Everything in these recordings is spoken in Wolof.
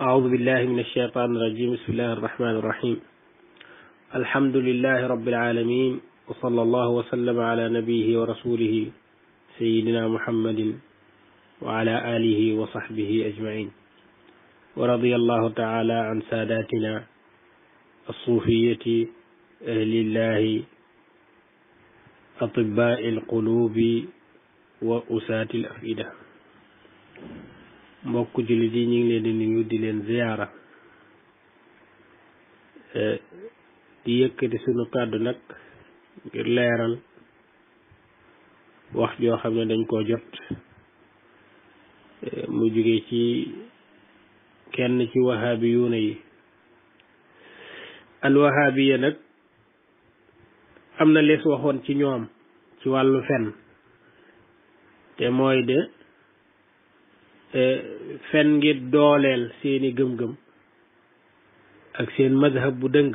أعوذ بالله من الشيطان الرجيم بسم الله الرحمن الرحيم الحمد لله رب العالمين وصلى الله وسلم على نبيه ورسوله سيدنا محمد وعلى آله وصحبه أجمعين ورضي الله تعالى عن ساداتنا الصوفية أهل الله أطباء القلوب وأساة الأفئدة mbokk jullit yi ñu ngi leen di nuyu di leen ziyaara e, di yëkkati sunu kàddu nag ngir leeral wax joo xam ne dañ koo jot e, mu jóge ci kenn ci wahaabi yuuna yi al wahaabiya nag am na lees waxoon ci ñoom ci wàllu fen te mooy de fenn ngir dooleel seeni gëm-gëm ak seen mazhab bu dëng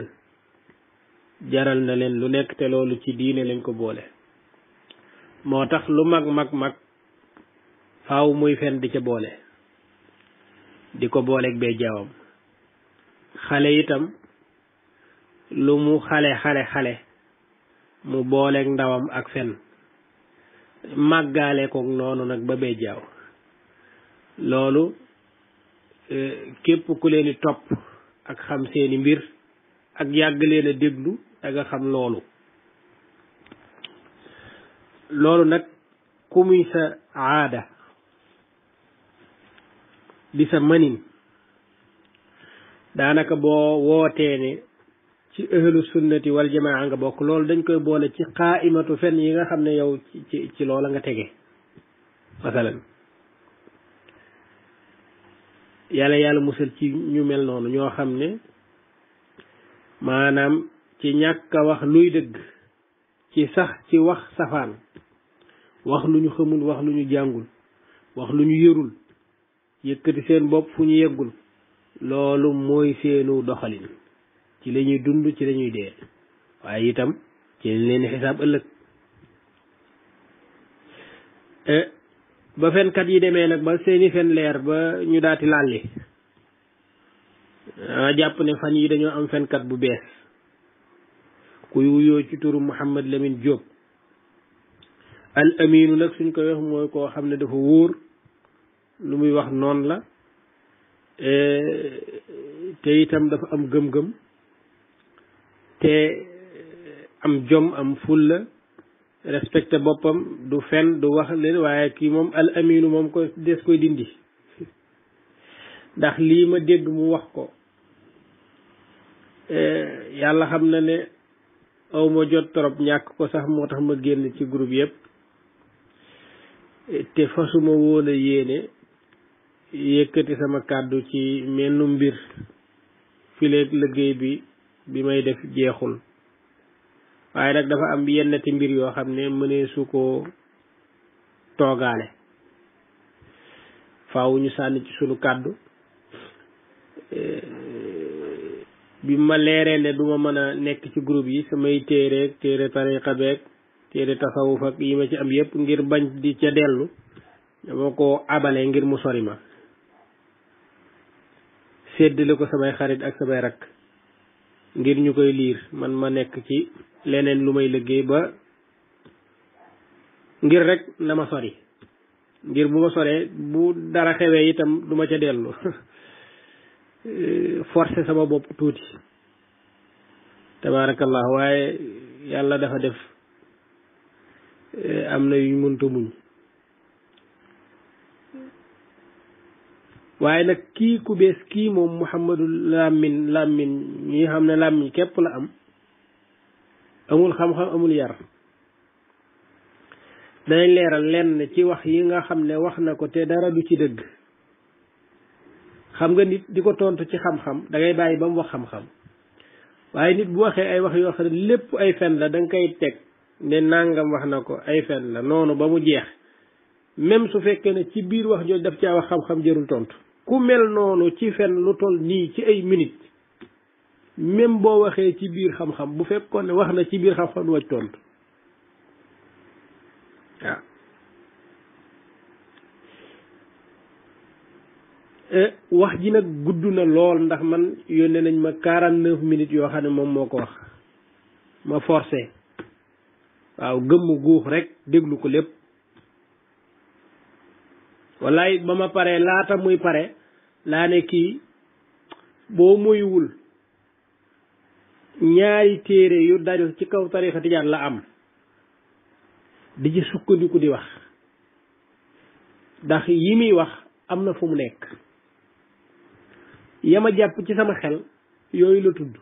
jaral na leen lu nekk te loolu ci diine lañ ko boole moo tax lu mag mag mag faaw muy fen di ca boole di ko booleeg bee xale itam lu mu xale xale xale mu booleek ndawam ak fen màggaale koog noonu nag ba bee loolu e, képp ku leen topp ak xam seeni mbir ak yàgg leen déglu da xam loolu loolu nag ku muy sa aada di sa manin daanaka boo wootee ne ci ahlu sunnati wal jamaa nga bokk loolu dañ koy boole ci xaaimatu fenn yi nga xam ne yow ci ci loola nga tege masalan yàlla yàlla musal ci ñu mel noonu ñoo xam ne maanaam ci ñàkk wax luy dëgg ci sax ci wax safaan wax lu ñu xamul wax lu ñu jàngul wax lu ñu yërul yëkkati seen bopp fu ñu yeggul loolu mooy seenu doxalin ci lañuy ñuy dund ci lañuy ñuy dee waaye itam ci leen xisaab ëllëg eh, ba fenkat yi demee nag ba seeni fen leer ba ñu daati làlli a jàpp ne fan yi dañoo am fenkat bu bees kuy wuyoo ci turu Mouhamed Lamine Diop al aminu nag suñ ko wax mooy koo xam ne dafa wóor lu muy wax noonu la e, te itam dafa am gëm-gëm te e, am jom am fulla respecté boppam du fen du wax leen waaye kii moom al aminu moom ko des koy dindi ndax lii ma dégg mu wax ko eh, yàlla xam na ne awma jot trop ñàkk ko sax moo tax ma génn ci groupe yépp eh, te fasuma woon a yéene yëkkati sama kàddu ci menn mbir fileeg liggéey bi bi may def jeexul waaye dafa am yennati mbir yoo xam ne mënee su ko toogaale faw ñu sànni ci sunu kàddu eh, bi ma leeree ne duma mën a nekk ci groupe yi samay téereeg téere tariqa beeg téere tasawuf ak yi ma ci am yépp ngir bañ di ca dellu dama ko abale ngir mu sori ma séddale ko samay xarit ak samay rakk ngir ñu koy liir man ma nekk ci leneen lu may liggéey ba ngir rek na ma sori ngir bu ma soree bu dara xewee itam du ma ca dellu forcé sama bopp tuuti tabaarakallah waaye yàlla dafa def eh, am na yuñ mënta muñ waaye nag kii ku bees kii moom muhammadul làmmiñ làmmiñ ñi xam ne làmmiñ képp la am amul xam-xam amul yar day leeral lenn ci wax yi nga xam ne wax na ko te dara du ci dëgg xam nga nit di ko tontu ci xam-xam da bàyyi ba mu wax xam-xam waaye nit bu waxee ay wax yoo xam ne lépp ay fen la da nga koy teg ne nàngam wax na ko ay fen la noonu ba mu jeex même su fekkee ne ci biir wax jooju daf caa wax xam-xam jërul tontu ku mel noonu ci fenn lu toll nii ci ay minutes même boo waxee ci biir xam-xam bu fekkoon ne wax na ci biir xam-xam waj tontu waaw ah. eh, wax ji nag gudd na lool ndax man yónnee nañ ma quarante neuf minutes yoo xam ne moom moo ko wax ma forcé waaw gëmm guux rek déglu ko lépp wallaay ba ma paree laata muy pare laa ne kii boo moywul ñaari téere yu daju ci kaw tarixa tijaan la am di ci sukkandiku di wax ndax yi muy wax am na fu mu nekk yama jàpp ci sama xel yooyu la tudd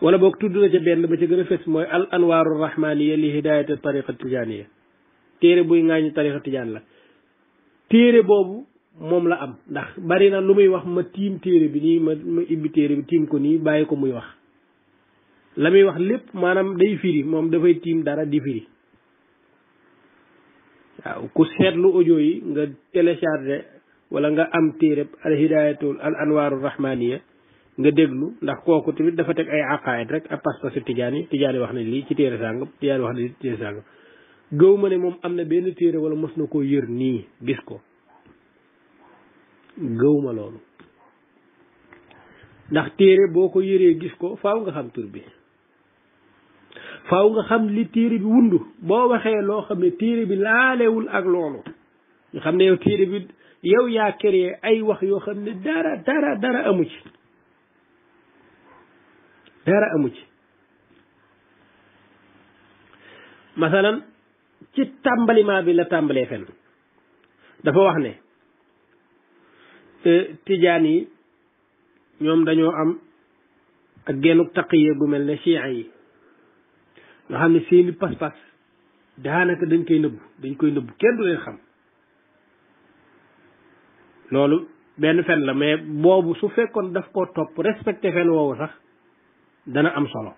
wala boog tudd na ca benn ba ca gën a fës mooy al anwaaru yi li hidaayati tariqa tijaaniya téere buy ŋaañu tariqa tijaan la téere boobu moom la am ndax bari na lu muy wax ma tiim téere bi nii ma ma ibbi téere bi tiim ko nii bàyyi ko muy wax la muy wax lépp maanaam day firi moom dafay tiim dara di firi waaw ku lu audio yi nga téléchargé wala nga am téere al hidayatul al anwarul rahmaniya nga déglu ndax kooku tamit dafa teg ay aqaayit rek a pas pasu tijaan yi tijaan wax ne lii ci téere sàngam tijaan wax ne lii ci téere sàngam gëw ma ne moom am na benn téere wala mos na koo yër nii gis ko gëwuma loolu ndax téere boo ko yëree gis ko faaw nga xam tur bi faaw nga xam li téere bi wundu boo waxee loo xam ne téere bi laalewul ak loolu nga xam ne yow téere bi yow yaa kër créé ay wax yoo xam ne dara dara dara amu ci dara amu ci masalan ci tàmbalimaa bi la tàmbalee fen dafa wax ne tijaan yi ñoom dañoo am ak genuk taqiye gu mel ne chiites yi nga xam ne seeni pas-pas daanaka dañ koy nëbbu dañ koy nëbbu kenn du leen xam loolu benn fen la mais boobu su fekkoon daf koo topp respecté fen woowu sax dana am solo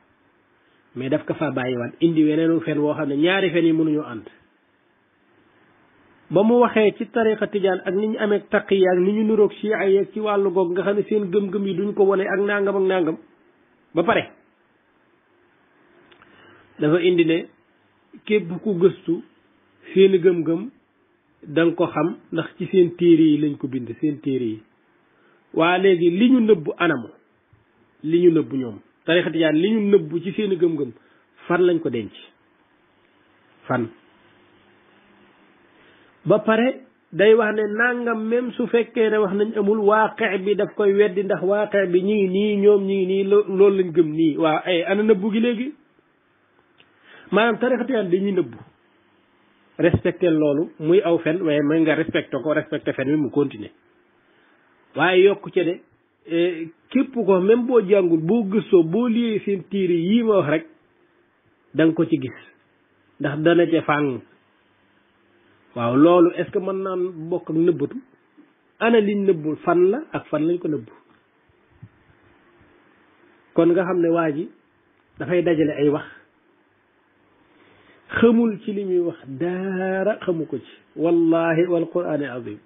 mais daf ko fa bàyyiwaat indi weneenu fen woo xam ne ñaari fen yi mënuñoo ànd ba mu waxee ci tariqa tijaan ak ni ñu amee taqi ak ni ñu niroog chia yeeg ci wàllu goog nga xam ne seen gëm-gëm yi duñ ko wone ak nangam ak nangam ba pare dafa indi ne képp ku gëstu seen gëm-gëm da nga ko xam ndax ci seen téere yi lañ ko bind seen téere yi waa léegi li ñu nëbbu anamu li ñu nëbbu ñoom tariqa tijaan li ñu nëbbu ci seen gëm-gëm fan lañ ko denc fan ba pare day wax ne nangam même su fekkee ne wax nañ amul waaqe bi daf koy weddi ndax waaqe bi ñi ngi nii ñoom ñi ngi nii loolu lañu gëm nii waaw ay ana nëbbu gi léegi maanaam tarixatiyaan dañuy nëbbu respecté loolu muy aw fen waaye mën nga respecté ko respecté fen bi mu continuer waaye yokk ci de eh, képp ko même boo jàngul boo gëstoo boo liyee seen tiiri yii ma wax rek da ko ci gis ndax dana ca fàng waaw loolu est-ce que mën naa mbokk ak nëbbatu ana liñ nëbbul fan la ak fan lañ ko nëbbu kon nga xam ne waa ji dafay dajale ay wax xamul ci li muy wax dara xamu ko ci wallahi wal quraan azim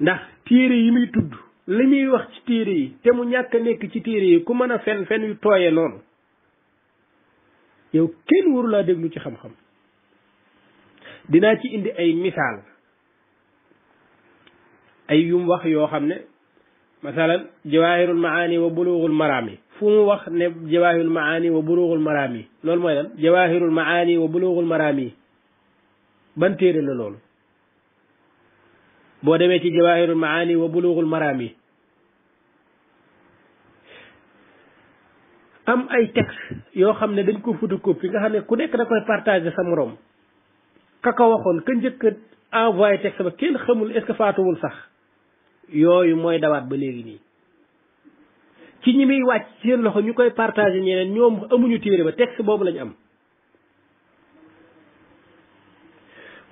ndax téere yi muy tudd li muy wax ci téere yi te mu ñàkk nekk ci téere yi ku mën a fen fen yu tooye noonu yow kenn waru laa déglu ci xam-xam dinaa ci indi ay misaal ay yum wax yoo xam ne masalan jawaahirul maani wa bulughul marami fu mu wax ne jawaahirul maani wa bulughul marami loolu mooy lan jawaahirul maani wa bulughul marami ban téere la loolu boo demee ci jawaahirul maani wa bulughul marami am ay texte yoo xam ne dañ ko photocopie nga xam ne ku nekk da koy partager sa moroom ka ka njëkk a envoyé texte ba kenn xamul est faatuwul sax yooyu mooy dawaat ba léegi nii ci ñi muy wàcc seen loxo ñu koy partagé ñeneen ñoom amuñu téere ba texte boobu lañu am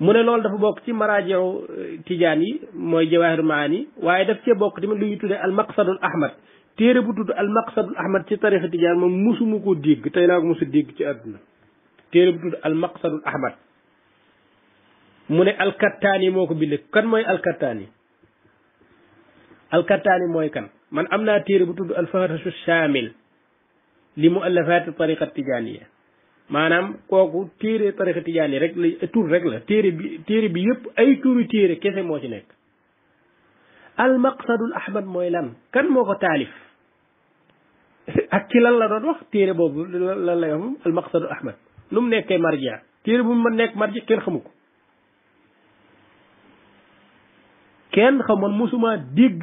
mu ne loolu dafa bokk ci maraajew euh, tijaan yi mooy jawaahiru maani yi waaye daf cee bokk tamit lu ñuy tuddee almaqsadul ahmad téere bu tudd almaqsadul ahmad ci tarixa tijaan moom musuma ko dégg tey laa ko musu dégg ci àdduna téere bu tudd almaqsadul ahmad mu ne alkattaani moo ko bindee kan mooy alkattaani alkattaani mooy kan man am naa téere bu tudd alfahasu saamil li mu allafaati tariqa tijaaniya maanaam kooku téere tariqa tijaani rek la tur rek la téere bi téere bi yëpp ay turu téere kese moo ci nekk almaqsadul ahmad mooy lan kan moo ko taalif ak lan la doon wax téere boobu lan lay wax moom almaqsadul ahmad lu mu nekkee marja téere bu mu nekk marja kenn xamu ko kenn xamoon mosuma dégg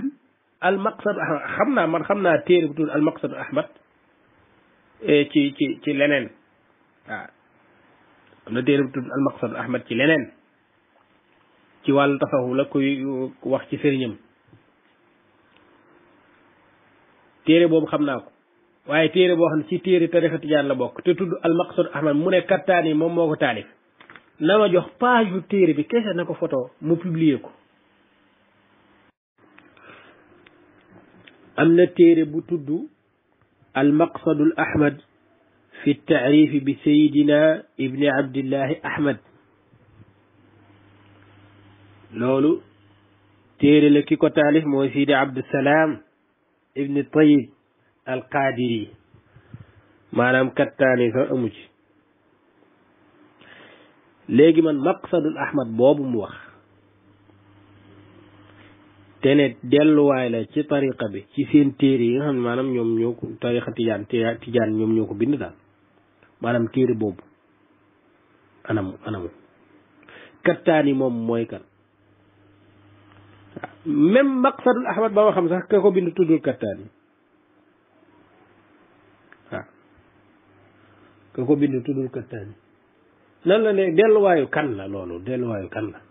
al maqsadu ahmad xam naa man xam naa téere bu tudd al ahmad e, ci ci leneen waaw am na téere ci leneen ci wàllu tasawu la koy wax ci sëriñam téere boobu xam naa ko waaye téere boo xam ne ci téere tarixa tijaan la bokk te tudd al ahmad mu ne kattaan yi moom moo ko taalif na ma jox page bu téere bi kese na ko photo mu publier ko am na téere bu tudd al maqsadul ahmad fi taarifi bi sayidina ibni abdillahi ahmad loolu téere la ki ko taalif mooy sidi abdusalaam ibni tayib al qaadiri maanaam kattaani sax amu ci léegi man maqsadul ahmad boobu mu wax te ne delluwaay la ci tariqa bi ci seen téere yi nga xam ne maanaam ñoom ñoo ko tariqa tijaan tijaan ñoom ñoo ko bind daal maanaam téere boobu anamu anamu kattaani moom mooy kan même maqsadul ahmad ba ma xam sax ka ko bind tuddul kattaani waaw ka ko bind tuddul kattaani nan la ne delluwaayu kan la loolu delluwaayu kan la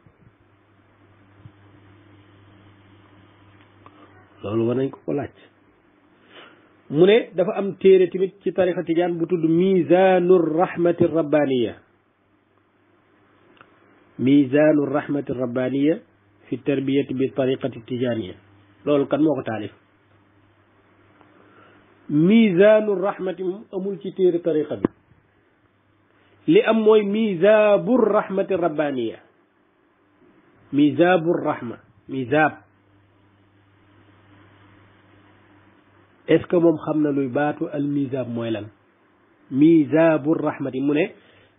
loolu war nañ ko ko laaj mu ne dafa am téere tamit ci tarixa tijaan bu tudd mizaanu rahmati rabbaniya mizaanu rahmati rabbaniya fi tarbiyati bi tariqati tijaniya loolu kan moo ko taalif mizaanu rahmati moom amul ci téere tariqa bi li am mooy mizaabu est ce que moom xam na luy baatu al mizaab mooy lan mizaabur rahmati mu ne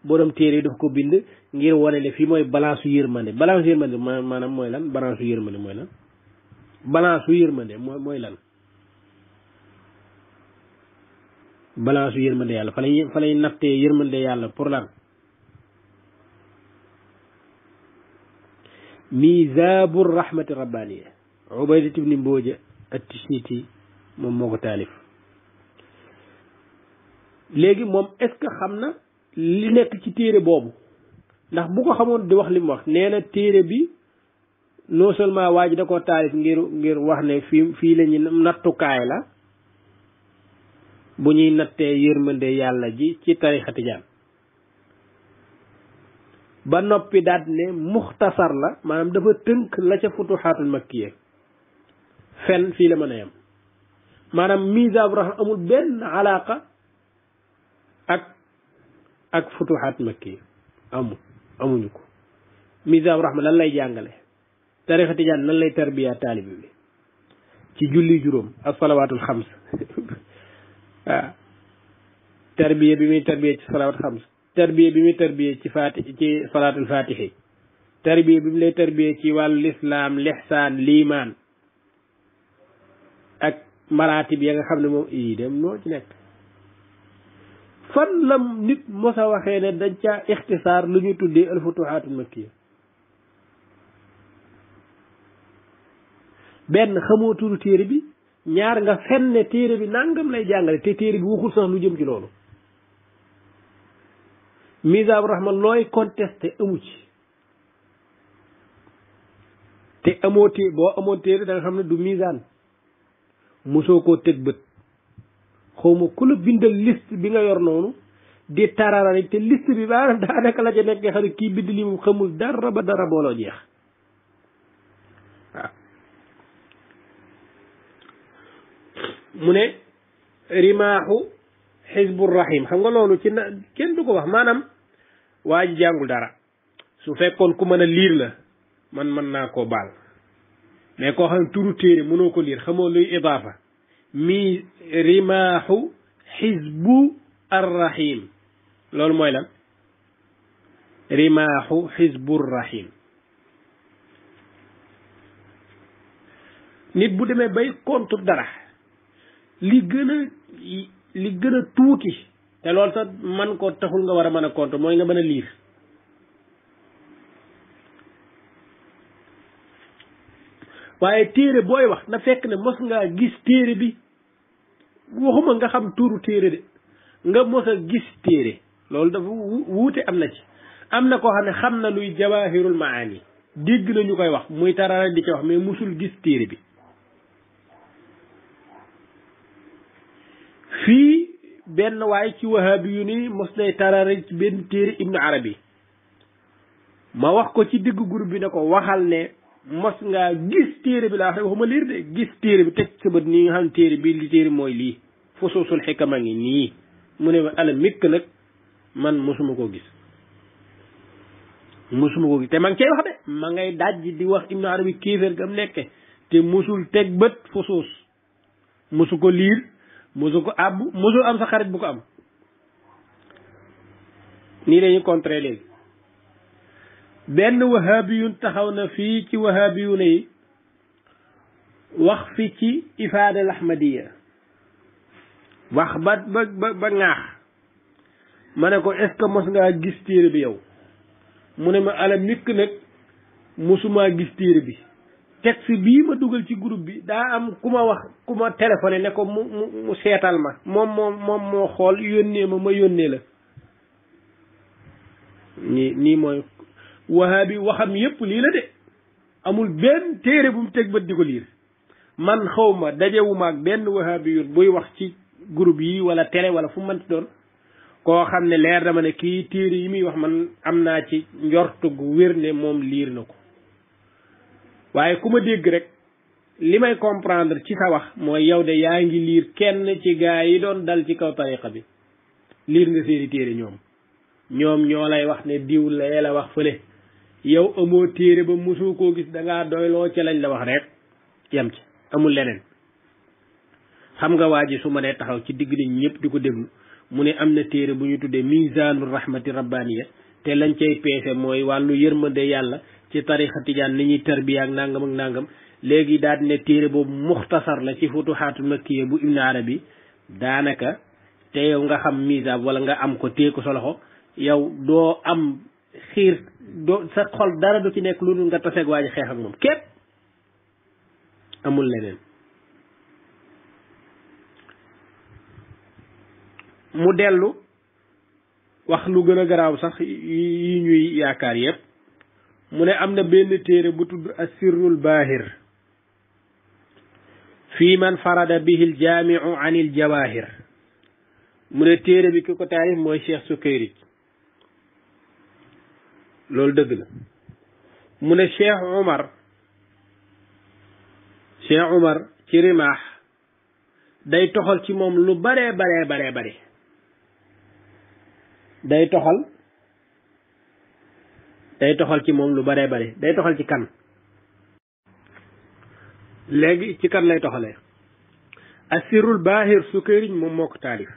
borom téere yi dafa ko bind ngir wane ne fii mooy balance su balance su mooy lan balance su yërmande mooy lan balance su yërmande mooy mooy yàlla fa lay fa lay nattee yërmande yàlla pour lan mizaabur rahmati rabbaaniya ubaydat ibni mbooja at-tishiti moom moo ko taalif léegi moom est-ce que xam na li nekk ci téere boobu ndax bu ko xamoon di wax li wax nee na téere bi non seulement waa ji da ko taalif ngir ngir wax ne fii fii lañuy ñu nattukaay la bu ñuy nattee yërmande yàlla ji ci tarixa tijaan ba noppi daat ne muxtasar la maanaam dafa tënk la ca futuxaatul makkiye fenn fii la mën a yem maanaam misaabu raxma amul benn alaaqa ak ak futuxaat makki amul amuñu ko misaabu raxma lan lay jàngale tarixa tijaan lan lay tarbiya bi ci julli juróom ak salawaatul xams waaw ah. bi muy tarbiya ci salawaatul xams tarbiya bi muy tarbiya ci faati ci salaatul faatixi tarbiya bi mu lay tarbiya ci wàllu lislaam lixsaan liimaan ak maraatib ya nga xam ne moom yii dem moo ci nekk fan lam nit mos a waxee ne dañ caa ixtisaar lu ñuy tuddee alfutuhaatul makkiya benn xamoo turu téere bi ñaar nga fenne téere bi nangam lay jàngale te téere bi waxul sax lu jëm ci loolu misaab rahman looy contesté amu ci te amoo té boo amoon téere da xam ne du misaan mosoo koo teg bët xawma ku la bindal liste bi nga yor noonu di tararari te liste bi baa daanaka la ca nekk kii bind li mu dara ba dara jeex mu ne rimaaxu xisbur rahim xam nga loolu ci na kenn du ko wax maanaam waa ji jàngul dara su fekkoon ku mën a liir la man mën naa koo baal mais koo xam ne turu téere mënoo ko liir xamoo luy idaafa mi rimaaxu xisbu arrahim loolu mooy lan rimaaxu xisbu rahim nit bu demee bay contre dara li gën a li gën a tuuti te loolu sax man ko taxul nga war a mën a contre mooy nga mën a liir waaye téere booy wax na fekk ne mos ngaa gis téere bi waxuma nga xam tuuru téere de nga mos a gis téere loolu dafa wuute am na ci am na koo xam ne xam na luy jawahirul maani dégg na koy wax muy tarara di ci wax mais musul gis téere bi fii benn waay ci wahabi yu ni mos nay tarara benn téere ibnu arabi ma wax ko ci diggu groupe bi ne ko waxal ne mos ngaa gis téere bi laa wax waxuma liir de gis téere bi teg sa bët nii nga xam téere bi li téere mooy lii fusuusul xikama ngi nii mu ne ma ala mikk nag man mosuma koo gis mosuma koo gis te ma ngi wax de ma ngay dajji di wax ibnu arabi kéeféer gam nekke te mosul teg bët fusuus mosu ko liir mosu ko àbb mosul am sa xarit bu ko am nii lañu contré léegi benn wahabiyun taxaw na fii ci wahabiyun yi wax fi ci ifaada al ahmadiya wax ba ba ba ŋaax ma ne ko est ce que ngaa gis téere bi yow mu ne ma alam nikk nag mosumaa gis téere bi texte bii ma dugal ci groupe bi daa am ku ma wax ku ma téléphoné ne ko mu mu seetal ma moom moom moom moo xool yónnee ma ma yónnee la nii nii mooy wahaabi waxam yépp lii la de amul benn téere bu mu teg bët di ko liir man xawma dajewuma ak benn wahaabi yu buy wax ci groupe yi wala télé wala fu mënti doon koo xam ne leer dama ne kii téere yi muy wax man am naa ci njortu gu wér ne moom liir na ko waaye ku ma dégg rek li may comprendre ci sa wax mooy yow de yaa ngi liir kenn ci gaa yi doon dal ci kaw tariqa bi liir nga seeni téere ñoom ñoom ñoo lay wax ne diw lee la wax fële yow amoo téere ba mosoo koo gis da ngaa doyloo ci lañ la wax rek yem ci amul leneen xam nga waa ji su ma nee taxaw ci digg nañ ñëpp di ko déglu mu ne am na téere bu ñu tuddee misaanu rahmati rabbaniya te lañ cay peese mooy wàllu yërmande yàlla ci tarixa tijaan ni ñuy tarbiya ak nangam ak nangam léegi daal ne téere boobu muxtasar la ci futuxaatul makkiya bu ibnu arabi daanaka te yow nga xam misaab wala nga am ko téye ko sa loxo yow doo am xiir doo sa xol dara du ci nekk lu nu nga taseeg waa ji xeex ak moom képp amul leneen mu dellu wax lu gën a garaaw sax yi ñuy yaakaar yépp mu ne am na benn téere bu tudd asirrul baahir fi man farada bi aljaamiu an aljawaahir mu ne téere bi ki ko taarif mooy cheikh sukayri loolu dëgg la mu ne Cheikh Omar Cheikh Omar ci rimaax day toxal ci moom lu bare baree baree bare day toxal day toxal ci moom lu baree bare day toxal ci kan léegi ci kan lay toxalee asirul baahir sukariñ moom moo ko taalif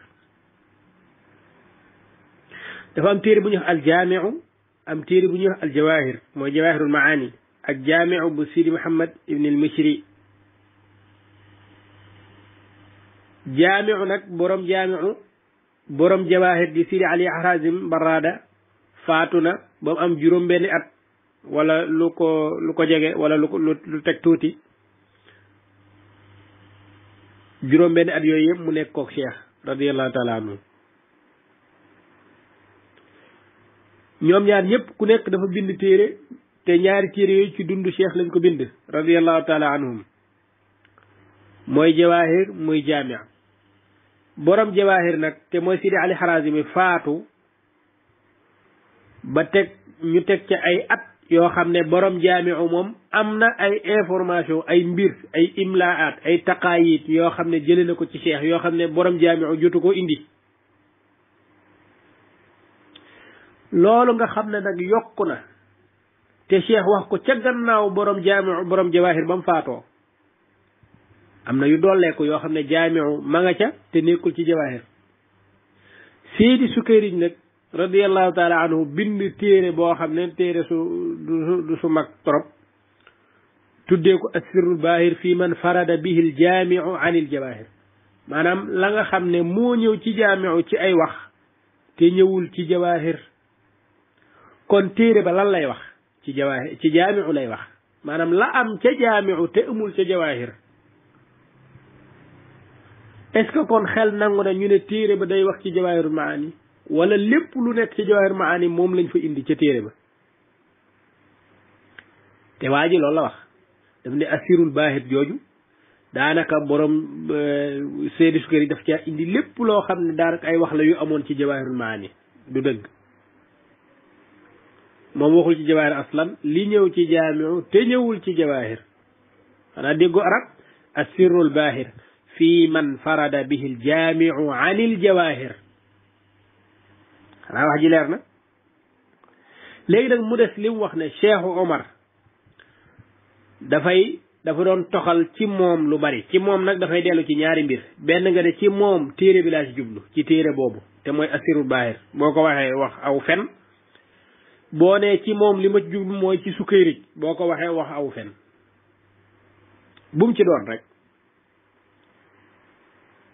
dafa am téere bu ñu wax aljaamiu am téere bu ñu wax al jawahir mooy jawahirul maani ak jaamiu bu sidi muhammad ibn al mishri jaamiu nag borom jaamiu borom jawahir di sidi ali harazim barada faatu na ba am juróom benni at wala lu ko lu ko jege wala lu teg tuuti juróom benni at yooyu yëpp mu nekk kook cheikh radiallahu taala ñoom ñaar ñëpp ku nekk dafa bind téere te ñaari téere yooyu ci dund cheikh lañ ko bind radiallahu taala anhum mooy jawaahir muy jaamia borom jawaahir nag te mooy Sidi Ali Harazimi faatu ba teg ñu teg ci ay at yoo xam ne borom jaamiu moom am na ay information ay mbir ay imlaat ay taqaayit yoo xam ne jëlee na ko ci cheikh yoo xam ne borom jaamiu jotu ko indi loolu nga xam ne nag yokk na te cheikh wax ko ca gannaaw borom jaamiu borom jawaahir ba mu faatoo am na yu dolleeku yoo xam ne jaamiu ma ca te nekkul ci jawaahir Seydi Sukayriñ nag radiallahu taala bind téere boo xam ne téere su mag trop tuddee ko assirul baahir fii man farada bihi aljaamiu maanaam la nga xam ne moo ñëw ci jaamiu ci ay wax te ñëwul ci jawaahir kon téere ba lan lay wax ci jawaahir ci jaamiu lay wax maanaam la am ca jaamiu te amul ca jawaahir est kon xel nangu na ñu ne téere ba day wax ci jawaahirul maani wala lépp lu nekk ci jawaahirul maani moom lañ fa indi ca téere ba te waa ji loolu la wax daf ne asirul baahir jooju daanaka borom eh, seedi sukar yi daf ca indi lépp loo xam ne daanaka ay wax la yu amoon ci jawaahirul maani du dëgg moom waxul ci jawaahir aslan li ñëw ci jaamiu te ñëwul ci jawaahir xanaa déggu arab assirrul baahir fi man farada bihi l jaamiu anil xanaa wax ji na léegi nag mu des li wax ne Cheikh Omar dafay dafa doon toxal ci moom lu bari ci moom nag dafay dellu ci ñaari mbir benn nga ne ci moom téere bi laa ci jublu ci téere boobu te mooy assirul baahir boo ko waxee wax aw fen boo nee ci moom li ma ci mooy ci sukkeerij boo ko waxee wax aw fen bum ci doon rek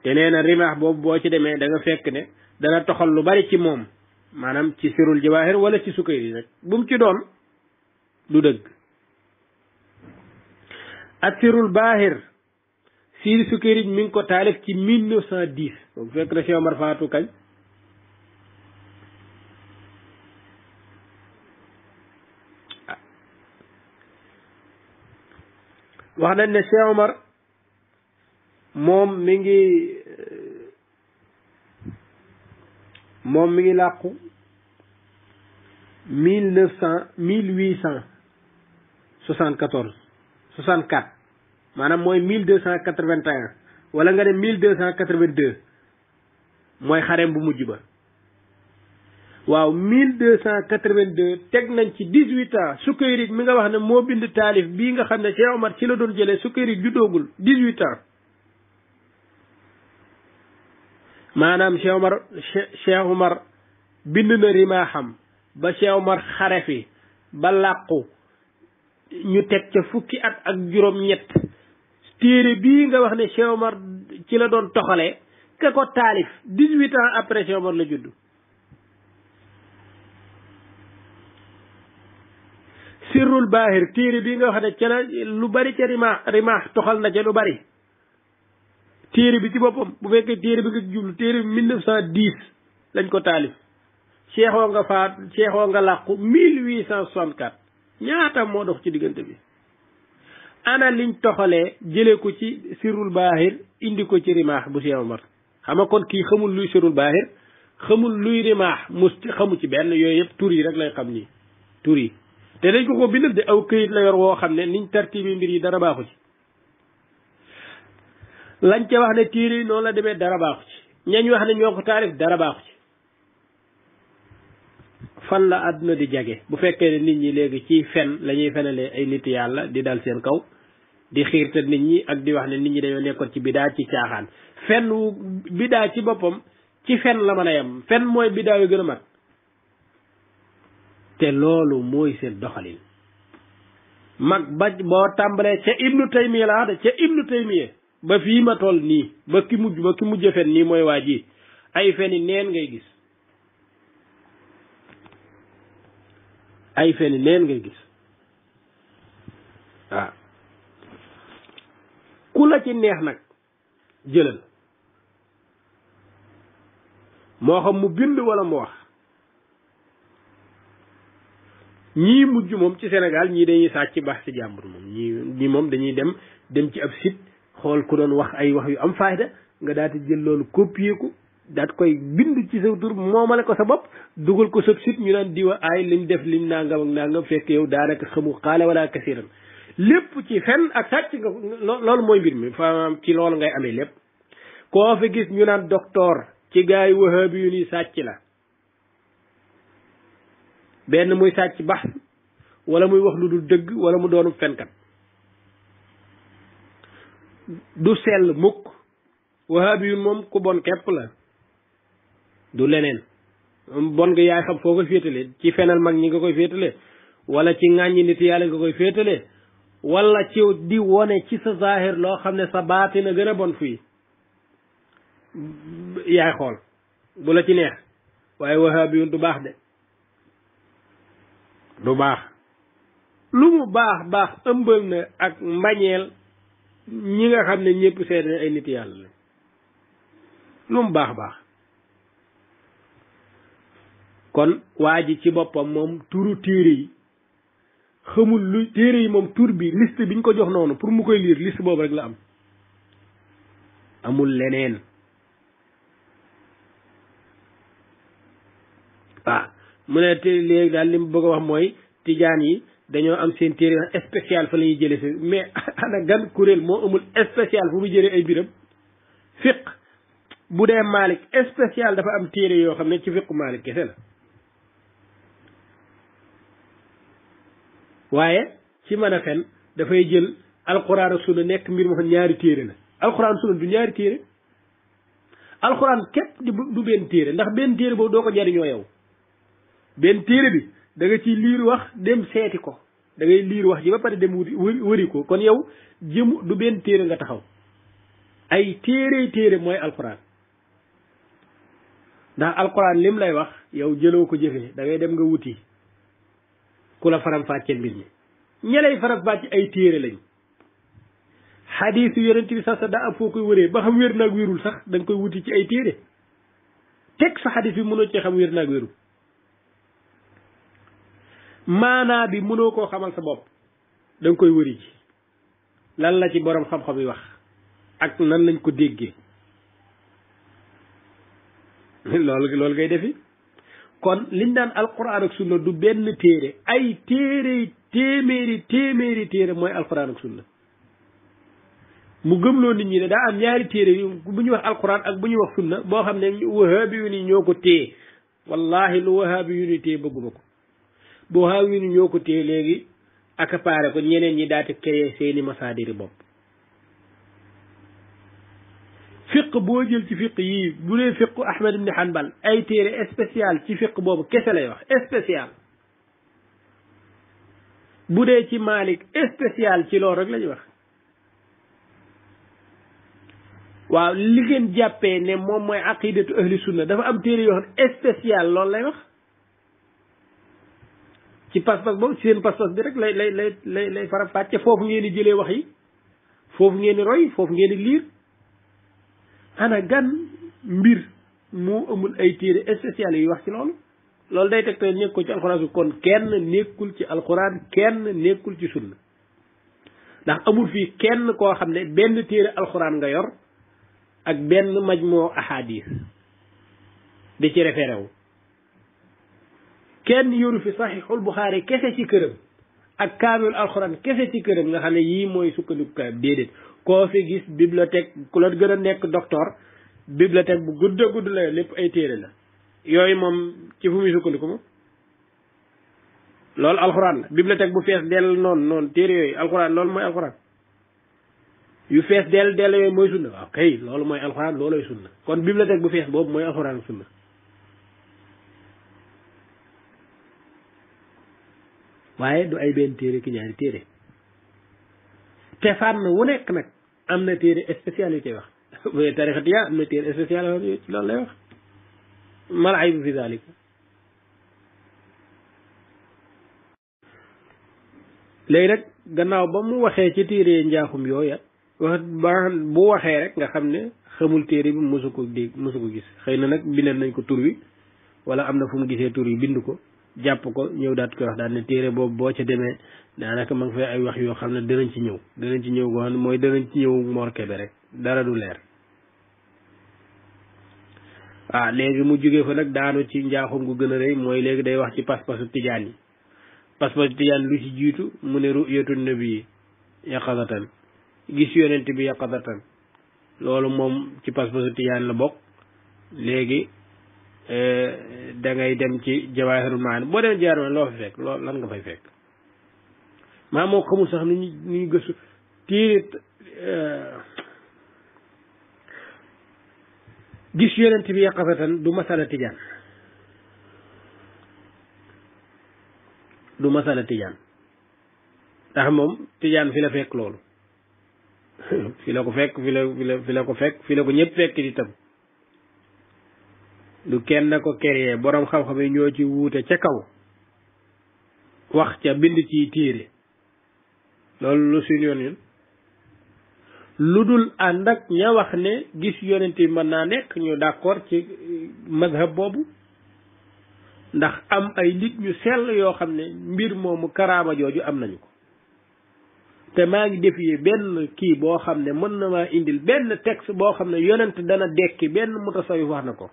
te nee na rimaax boobu boo ci demee da nga fekk ne dana toxal lu bari ci moom maanaam ci sirul jawaahir wala ci sukkeerij rek bum ci doon lu dëgg ak sirul baahir si sukkeerij mu ngi ko taalif ci 1910 boobu fekk na Cheikh Omar kañ wax nañ ne Cheikh Omar moom mi ngi moom mi ngi làqu mille neuf cent mille huit cent soixante quatorze soixante quatre maanaam mooy mille deux cent quatre vingt un wala nga ne mille deux cent quatre vingt deux mooy xarem bu mujj ba waaw mille deux cent quatre-vingt-deux teg nañ ci dix-huit ans Sukayri mi nga wax ne moo bind taalif bii nga xam ne Cheikh Omar ci la doon jëlee Sukayri juddoogul dix-huit ans maanaam Cheikh Omar Cheikh Omar bind na rimaaxam ba Cheikh Omar xare fi ba làqu ñu teg ca fukki at ak juróom-ñett téere bii nga wax ne Cheikh Omar ci la doon toxale ka ko taalif dix-huit ans après Cheikh Omar la judd sirrul baahir téere bii nga xam ne ca lu bari ca rimaax rimaax toxal na ca lu bari téere bi ci boppam bu fekkee téere bi nga jublu téere bi mille neuf cent dix lañ ko taalif seexoo nga faat seexoo nga làqu mille huit cent soixante quatre ñaata moo dox ci diggante bi ana liñ toxalee jëlee ko ci sirrul baahir indi ko ci rimaax bu Cheikh Omar xam nga kon kii xamul luy sirrul baahir xamul luy rimaax mus xamu ci benn yooyu yëpp tur yi rek lay xam nii tur yi te dañ ko ko bindal di aw këyit la yor woo xam ne niñ tartibi mbir yi dara baaxu ci lañ ca wax ne tiir yi noonu la demee dara baaxu ci ñañ wax ne ñoo ko taarif dara baaxu ci fan la àdduna di jege bu fekkee ne nit ñi léegi ci fen lañuy ñuy ay nit yàlla di dal seen kaw di xiirta nit ñi ak di wax ne nit ñi dañoo nekkoon ci bidaa ci caaxaan fen wu bidaa ci boppam ci fen la mën a yem fen mooy bidaa yu gën a mag te loolu mooy seen doxalin mag ba boo tàmbalee ca ibnu taymiya laa de ca ibnu taymiya ba fii ma toll nii ba ki mujj ba ki mujj fen nii mooy waa ji ay feni neen gis ay feni neen ngay gis waaw ku la ci neex nag jëlal moo xam mu bind walla mu wax ñii mujj moom ci Sénégal ñii dañuy sàcc baax ci jàmbur moom ñii ñii moom dañuy dem dem ci ab site xool ku doon wax ay wax yu am faayda nga daal di jël loolu copier ko daat koy bind ci sa tur moomale ko sa bopp dugal ko sab site ñu naan diwa aay liñ def liñ nangam ak nangam fekk yow daanaka xamu xaale wala kasiran lépp ci fen ak sàcc nga loolu mooy mbir mi fa ci loolu ngay ame lépp koo fi gis ñu naan docteur ci gaay wahabi yu ni sàcc la benn muy sàcc bax wala muy wax lu dul dëgg wala mu doonu fenkat du sell mukk wahaabi yu moom ku bon képp la du leneen bon nga yaay xam foo koy féetale ci fenal mag ñi nga koy féetale wala ci ŋàññi nit yàlla nga koy féetale wala ci di wone ci sa zaahir loo xam ne sa baatin a gën a bon fii yaay xool bu la ci neex waaye wahaabi yu du baax de lu baax lu mu baax baax ëmbal na ak mbañeel ñi nga xam ne ñëpp seede ay nit yàlla la lu mu baax baax kon waa ji ci boppam moom turu téere yi xamul lu téere yi moom tur bi liste biñ ko jox noonu pour mu koy liir liste boobu rek la am amul leneen waaw ah. mu ne te léegi daal li mu bëgg a wax mooy tijaan yi dañoo am seen téere spécial fa lañuy ñuy jëlee si mais ana gan kuréel moo amul spécial fu mu jëlee ay biram fiq bu dee Malick spécial dafa am téere yoo xam ne ci fiqu Malick kese la waaye ci mën a fen dafay jël alxuraan ak sunna nekk mbir moo xam ñaari téere la alxuraan sunna du ñaari téere alxuraan képp du benn téere ndax benn téere boobu doo ko jariñoo yow benn téere bi danga nga ci liir wax dem seeti ko dangay liir wax ji ba pare dem wuti wëri ko kon yow jëmu du benn téere nga taxaw ay téere téere mooy alxuraan ndax alxuraan lim lay wax yow jëloo ko jëfee dangay dem nga wuti ku la faram-fàccee mbir mi ña lay faram-fàcce ay téere lañ xadiis yu yonent bi sax sax daa am foo koy wëree ba xam wér naag wérul sax da koy wuti ci ay téere teg sa xadiis bi mënoo cee xam wér naag wérul maanaa bi mënoo koo xamal sa bopp da nga koy wëri ji lan la ci boroom xam-xam yi wax ak nan lañ ko déggee loolu loolu ngay defi kon liñ daan alquran ak sunna du benn téere ay téere téeméeri téeméeri téere mooy alquran ak sunna mu gëm gëmloo nit ñi ne daa am ñaari téere bu ñuy wax alquran ak bu ñuy wax sunna boo xam ne wahaabi yu ni ñoo ko téye wallahi lu wahaabi yu ni téye bëgguma ko boo xaa wiinu ñoo ko téye léegi accaparé ko ñeneen ñi daati créer seeni masaadiri bopp fiq boo jël ci fiq yii bu dee fiq Ahmed ibn Hanbal ay téere spécial ci fiq boobu kese lay wax spécial bu dee ci Malik spécial ci loolu rek la ñuy wax waaw li ngeen jàppee ne moom mooy aqidatu ahli sunna dafa am téere yoo xam spécial loolu lay wax ci pas-pas boobu seen pas-pas bi rek lay lay lay lay lay fara pàcce foofu ngeen di jëlee wax yi foofu ngeen di roy foofu ngeen di liir ana gan mbir moo amul ay téere spécial yu wax ci loolu loolu day teg te nekkul ci alxuraan kon kenn nekkul ci alxuraan kenn nekkul ci sunna ndax amul fii kenn koo xam ne benn téere alxuraan nga yor ak benn majmoo ahadis di ci référé kenn yoru fi saxiixul buxaari kese ci këram ak kaamil alxuraan kese ci këram nga xam ne yii mooy sukkandikukaay déedéet koo fi gis bibliothèque ku la gën a nekk docteur bibliothèque bu gudd a gudd la lépp ay téere la yooyu moom ci fu muy sukkandiku moom loolu alxuraan la bibliothèque bu fees dell noon noon téere yooyu alxuraan loolu mooy alxuraan yu fees dell dell yooyu mooy sunna waaw kay loolu mooy alxuraan loolooy sunna kon bibliothèque bu fees boobu mooy alxuraan sunna waaye du ay benn téere ki ñaari téere te fànn wu nekk nag am na téere spécial yu koy wax bu dee tarixa am na téere spécial loolu lay wax mal aybu fi dalika léegi rek gannaaw ba mu waxee ci téere njaaxum yooya wax ba bu waxee rek nga xam ne xamul téere bi mësu ko dégg mosu ko gis xëy na nag bindal nañ ko tur wi wala am na fu mu gisee tur yi bind ko jàpp ko ñëw daat koy wax daal ne téere boobu boo ca demee daanaka man fa ay wax yoo xam ne danañ ci ñëw danañ ci ñëw goo mooy danañ ci ñëw morke bi rek dara du leer waaw ah, léegi mu jógee fa nag daanu ci njaaxum gu gën a rëy mooy léegi day wax ci pas-pasu tijaan yi pas-pasu tijaan lu ci jiitu mu ne ru'yatu nabi yaqazatan gis yonent bi yaqazatan loolu moom ci pas-pasu tijaan la bokk léegi Eh, da ngay dem ci jawaahirul maani boo demee jawaahirul maani loo fa fekk loo lan nga fay fekk maa moo xamul sax ni ñu ni ñu eh, gis yonent bi yaqasatan du masala tijaan du masala tijaan ndax moom tijaan fi la fekk loolu fi la ko fekk fi la fi la ko fekk fi la ko ñëpp fekk di tam lu kenn ko créé boroom xam-xam yi ñoo ci wuute ca kaw wax ca bind ci téere loolu lu suñu yoon ñun lu dul ànd ak ña wax ne gis yonent yi mën naa nekk ñu d'accord ci eh, mazhab boobu ndax am ay nit ñu sell yoo xam ne mbir moomu karaama jooju am nañu ko te maa ngi defee benn kii boo xam ne mën na maa indil benn texte boo xam ne yonent dana dekki benn mutasawif wax na ko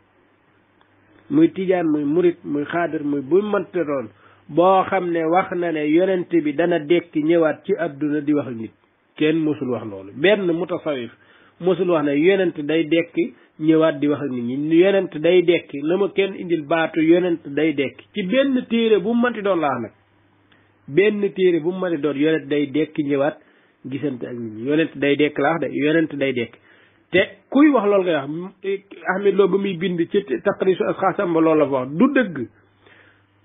muy tijaan muy murit muy xaadir muy bu mënta doon boo xam ne wax na ne yonent bi dana dekki ñëwaat ci àdduna di wax nit kenn mosul wax loolu benn mutasawif mosul wax ne yonent day dekki ñëwaat di wax ak nit ñi yonent day dekki la ma kenn indil baatu yonent day dekki ci benn téere bu mënti doon laa nag benn téere bu mënti doon yonent day dekki ñëwaat gisante ak nit ñi yonent day dekk laax de yonent day dekki te kuy wax loolu ngay wax e, Ahmed Lo ba muy bind ci taqrisu asxaasam ba loolu la fa wax du dëgg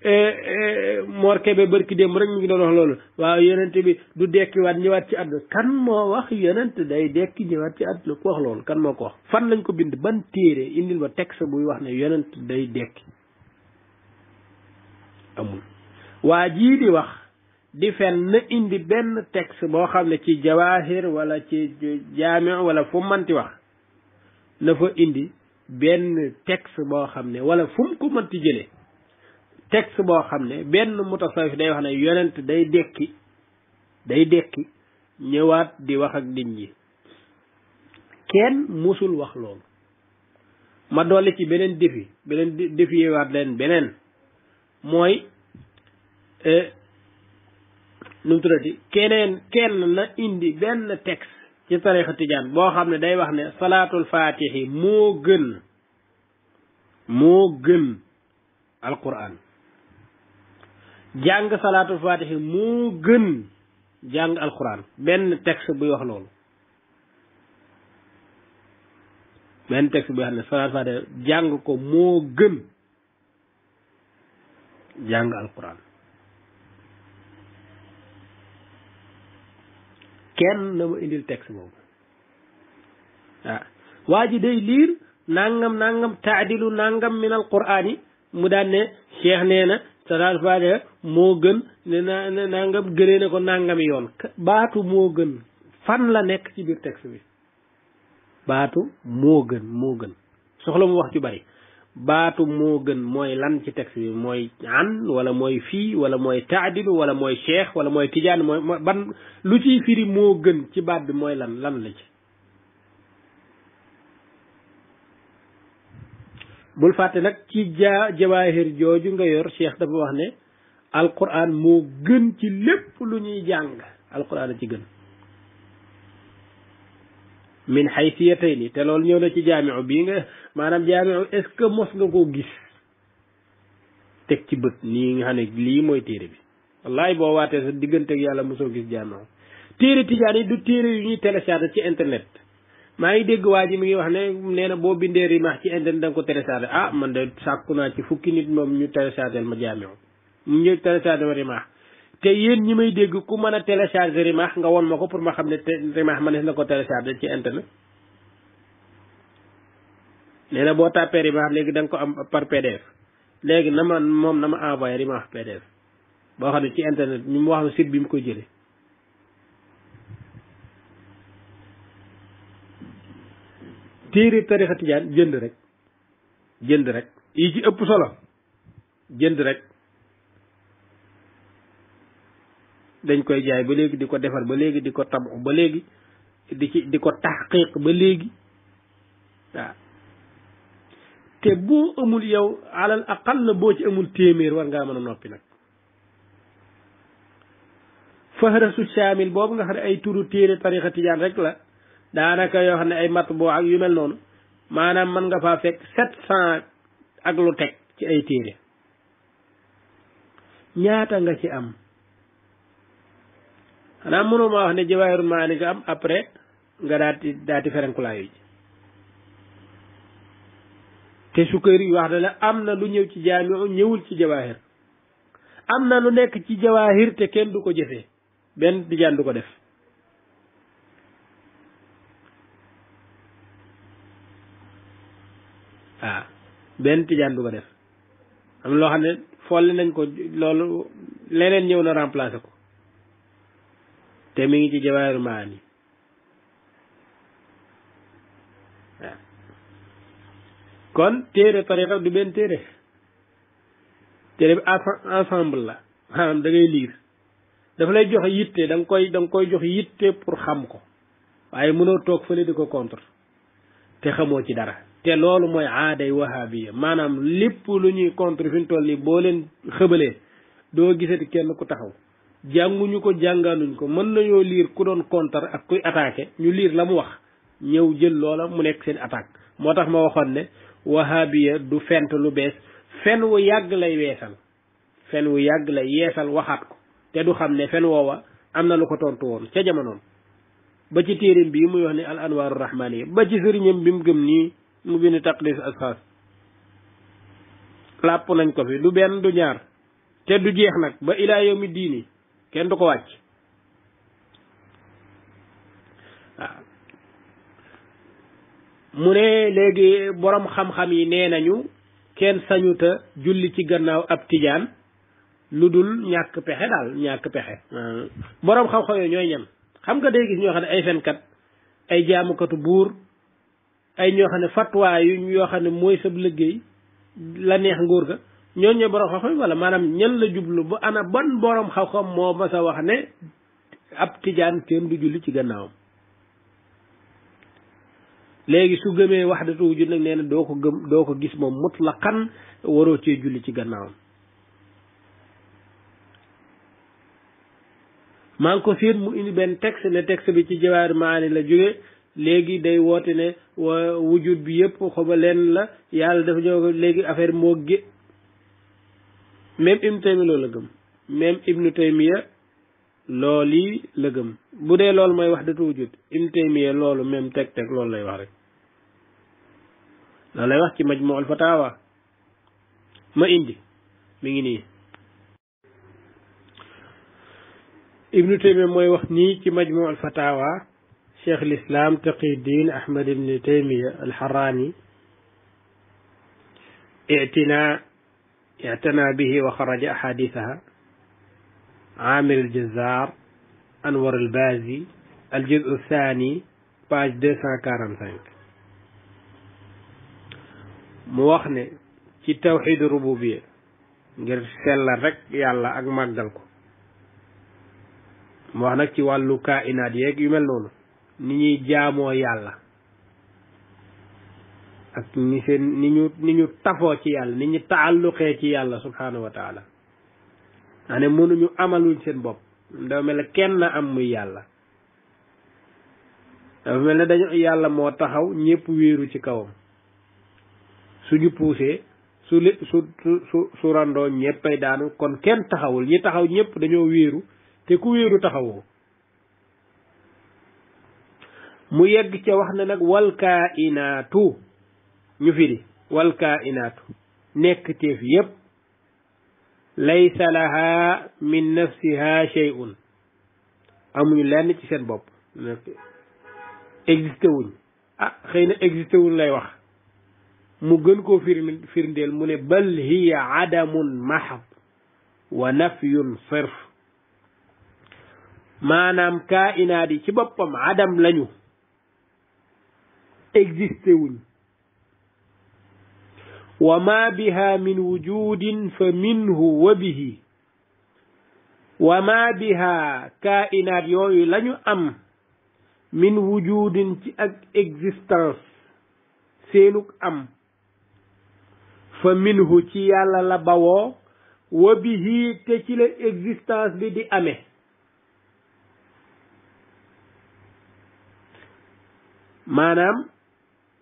e, e, Mor Kébé bërki démb rek mu ngi doon wax loolu waaw yonent bi du dekkiwaat ñëwaat ci àdduna kan moo wax yonent day dekki ñëwaat ci àdduna ku wax loolu kan moo ko wax fan lañ ko bind ban téere indi ma texte buy wax ne yonent day dekki amul waa jii di wax di fen na indi benn texte boo xam ne ci jawaahir wala ci jaami wala fu manti wax na fa indi benn texte boo xam ne wala fu ko mënti jëlee texte boo xam ne benn mutasawif day wax ne yonent day dekki day dekki ñëwaat di wax ak nit ñi kenn musul wax loolu ma dolli ci beneen défi beneen défi yeewaat leen beneen mooy euh, nu mu keneen kenn na indi benn texte ci tarixa tijaan boo xam ne day wax ne salaatul faatihi moo gën moo gën alquran jàng salaatul faatihi moo gën jàng alquran benn texte buy wax loolu benn texte buy wax ne salaatul faatihi jàng ko moo gën jàng alquran kenn na ma indil texte boobu waaw ah, waa ji day liir nangam nangam taadilu nangam min al mu daan ne cheikh nee na salaatu moo gën ne na nangam gënee na ko nangami yoon baatu moo gën fan la nekk ci biir texte bi baatu moo gën moo gën soxla mu wax ci bari baatu moo gën mooy lan ci texte bi mooy an wala mooy fii wala mooy taadilu wala mooy cheikh wala mooy tijaan mooy ban lu ciy firi moo gën ci baat bi mooy lan lan la ci bul fàtte nag ci jaa jawaahir jooju nga yor cheikh dafa wax ne alquran moo gën ci lépp lu ñuy jàng alquran a ci gën min nii te loolu ñëw na ci jaamiu bii nga maanaam jaamiu est-ce que mos nga koo gis teg ci bët nii nga xam ne lii mooy téere bi wallaay boo waatee sa diggante yàlla mosoo gis jaamiu téere tijaan yi du téere yu ñuy télécharger ci internet maa ngi dégg waa ji mi ngi wax ne nee na boo bindee rimaax ci internet da nga ko télécharger ah man de sàkku naa ci fukki nit moom ñu télécharger ma jaamiu mu ñëw télécharger ma rimaax te yéen ñi may dégg ku mën a télécharger Rimaax nga won ma ko pour ma xam ne Rimaax mënees na ko télécharger ci internet nee na boo tàppee Rimaax léegi da ko am par PDF léegi na ma moom na ma envoyé Rimaax PDF boo xam ne ci internet ñu mu wax na bi mu ko jële téere tarixa tijaan jënd rek jënd rek yi ci ëpp solo jënd rek dañ koy jaay ba léegi di ko defar ba léegi di ko tabax ba léegi di ci di ko taxqiq ba léegi waaw te boo amul yow alal aqal boo ci amul téeméer war ngaa mën a noppi nag fahrasu saamil boobu nga xam ne ay turu téere tarixa tijaan rek la daanaka yoo xam ne ay mat boo ak yu mel noonu maanaam mën nga faa fekk sept cent ak lu teg ci ay téere ñaata nga ci am xanaa mënoo ma wax ne jawaahirul maani nga am après nga daati daati ferenkulaayu ji te sukkër yi wax na la am na lu ñëw ci jaamiu ñëwul ci jawaahir am na lu nekk ci jawaahir te kenn du ko jëfee benn tijaan du ko def waaw benn tijaan def am loo xam ne folli nañ ko loolu leneen ñëw na remplacer ko te mi ngi ci jawaaru maani waaw kon téere tariqa du benn téere téere bi ensemble la maanaam da ngay liir dafa lay jox yitte da koy da koy jox yitte pour xam ko waaye mënoo toog fële di ko contre te xamoo ci dara te loolu mooy aaday wahaabiya maanaam lépp lu ñuy contre fi ñu toll nii boo leen xëbalee doo gisati kenn ku taxaw jànguñu ko jàngaanuñ ko mën nañoo liir ku doon kontar ak kuy attaqué ñu liir la mu wax ñëw jël loola mu nekk seen attaque moo tax ma waxoon ne wahabiya du fent lu bees fen wu yàgg lay weesal fen wu yàgg lay yeesal waxaat ko te du xam ne fen woowa am na lu ko tontu woon ca jamonoon ba ci téerim bii muy wax ne al anwaaru rahmaaniya ba ci sëriñam bi mu gëm nii mu bind taqdis asxaas làpp nañ ko fi du benn du ñaar te du jeex nag ba ilaa yawmi diini kenn du ko wàcc waaw mu ne léegi boroom xam-xam yi nee nañu kenn sañuta julli ci gannaaw ab tijaan lu dul ñàkk pexe daal ñàkk pexe boroom xam-xam yooyu ñooy ñam xam nga day gis ñoo xam ne ay fenkat ay jaamukatu buur ay ñoo xam ne fatwaa yu yoo xam ne mooy sab liggéey la neex nguur ga ñooñu ñooy borom xam-xam wala ñan la jublu ba ana ban borom xam-xam moo mas a wax ne ab tijaan kenn du julli ci gannaawam. léegi su gëmee wahdatu wujud nag nee na doo ko gëm doo ko gis moom mutlaqan waroo cee julli ci gannaawam. maa ko fiir mu indi benn texte ne texte bi ci jawaar maani la jóge léegi day woote ne wujud bi yëpp xoba leen la yàlla dafa ñëw léegi affaire moo gé même ibnu taymiya loolu la gëm même ibnu taymiya loolu la gëm bu dee loolu mooy wax datu wujud ibnu taymiya loolu même teg teg loolu lay wax rek loolu lay wax ci majmuul fatawa ma indi mi ngi nii ibnu taymiya mooy wax nii ci majmuul fatawa cheikh lislaam taqiddin ahmad ibnu taymiya alxaraani itina اعتنى به وخرج أحاديثها عامر الجزار أنور البازي الجزء الثاني page 245 mu wax ne ci tawxid rububiya ngir sellal rek yàlla ak màggal ko mu wax nag ci wàllu kainaat yeeg yu mel noonu ni ñuy jaamoo yàlla ak ni seen ni ñu ni ñu tafoo ci yàlla ni ñu taalluqee ci yàlla subhaanahu wa taala maa ne mënuñu amaluñ seen bopp dafa mel ne kenn am muy yàlla dafa mel ne dañu yàlla moo taxaw ñëpp wéeru ci kawam suñu puusee su li su su su randoo ñëppay daanu kon kenn taxawul ñi taxaw ñëpp dañoo wéeru te ku wéeru taxawoo mu yegg ca wax ne nag walkaa inaatu ñu firi wal kainaatu nekk téef yépp laysa laha min nafsiha shay'un amuñu lenn ci seen bopp existé wuñ ah xëy na existé wuñ lay wax mu gën koo firi firndeel mu ne bal hiya adamun mahab wa nafyun sirf maanaam kainaat yi ci boppam adam lañu existé wuñ wa ma biha min wujudin fa minhu wa bihi wa biha kainaat yooyu lañu am min wujudin ci ak existence seenuk am fa minhu ci yàlla la bawoo wa bihi te ci la existence bi di amee maanaam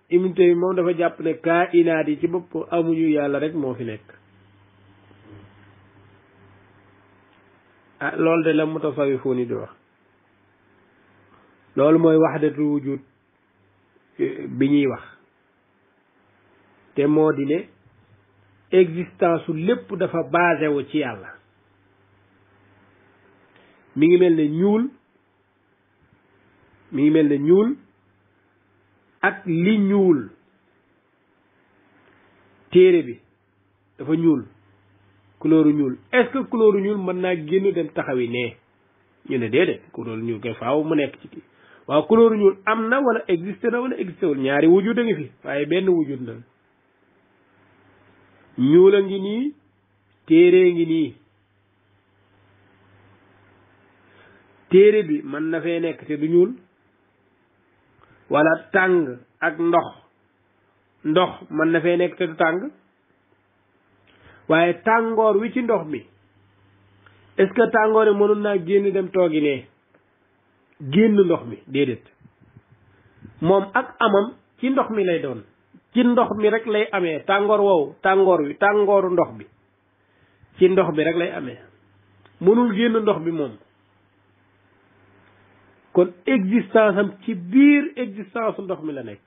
Ibn yi moom dafa jàpp ne kainaat yi ci bopp amuñu yàlla rek moo fi nekk ah loolu de la mutasawifuun yi di wax loolu mooy waxdatu wujud eh, bi ñuy wax te moo di ne existence lépp dafa basé ci yàlla mi ngi mel ne ñuul mi ngi mel ne ñuul ak li ñuul téere bi dafa ñuul couleur ñuul est-ce ñuul mën naa génn dem taxawi nee ñu ne déedéet couleur ñuul kay faaw mu nekk ci kii waaw couleur ñuul am na wala existé na wala existé wul ñaari wujud a ngi fi waaye benn wujud la ñuul a ngi nii téere ngi nii téere bi man na fee nekk te du ñuul wala tàng ak ndox ndox mën na fee nekk te du tàng waaye tàngoor wi ci ndox mi est-ce que tàngoor yi mënul naa génn dem toogi nee génn ndox mi déedéet moom ak amam ci ndox mi lay doon ci ndox mi rek lay amee tàngoor woowu tàngoor wi tàngooru ndox bi ci ndox bi rek lay amee mënul génn ndox bi moom kon existence am ci biir existence ndox mi la nekk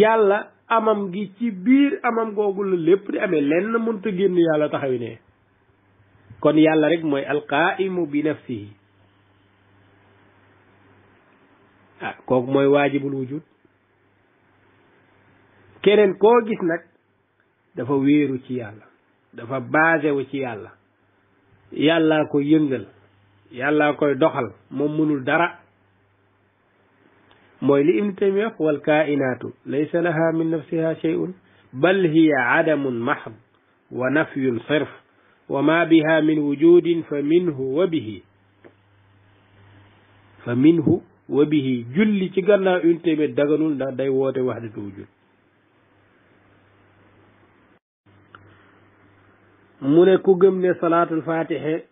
yàlla amam gi ci biir amam googu la lépp di amee lenn mënta génn yàlla taxawi ne kon yàlla rek mooy alqaimu bi nafsihi ah kooku mooy waajibul wujud keneen koo gis nag dafa wéeru ci yàlla dafa baasewu ci yàlla yàllaa ko yëngal yàllaa koy doxal moom mënul dara mooy li ibnu taymiya wal kainaatu laysa laha min nafsiha shay'un bal hiya adamun mahd wa nafyun sirf wa ma biha min wujudin fa minhu wa bihi fa julli ci gannaaw ibnu taymiya daganul ndax day woote wahdatu wujud mu ne ku gëm ne salaatul fatihe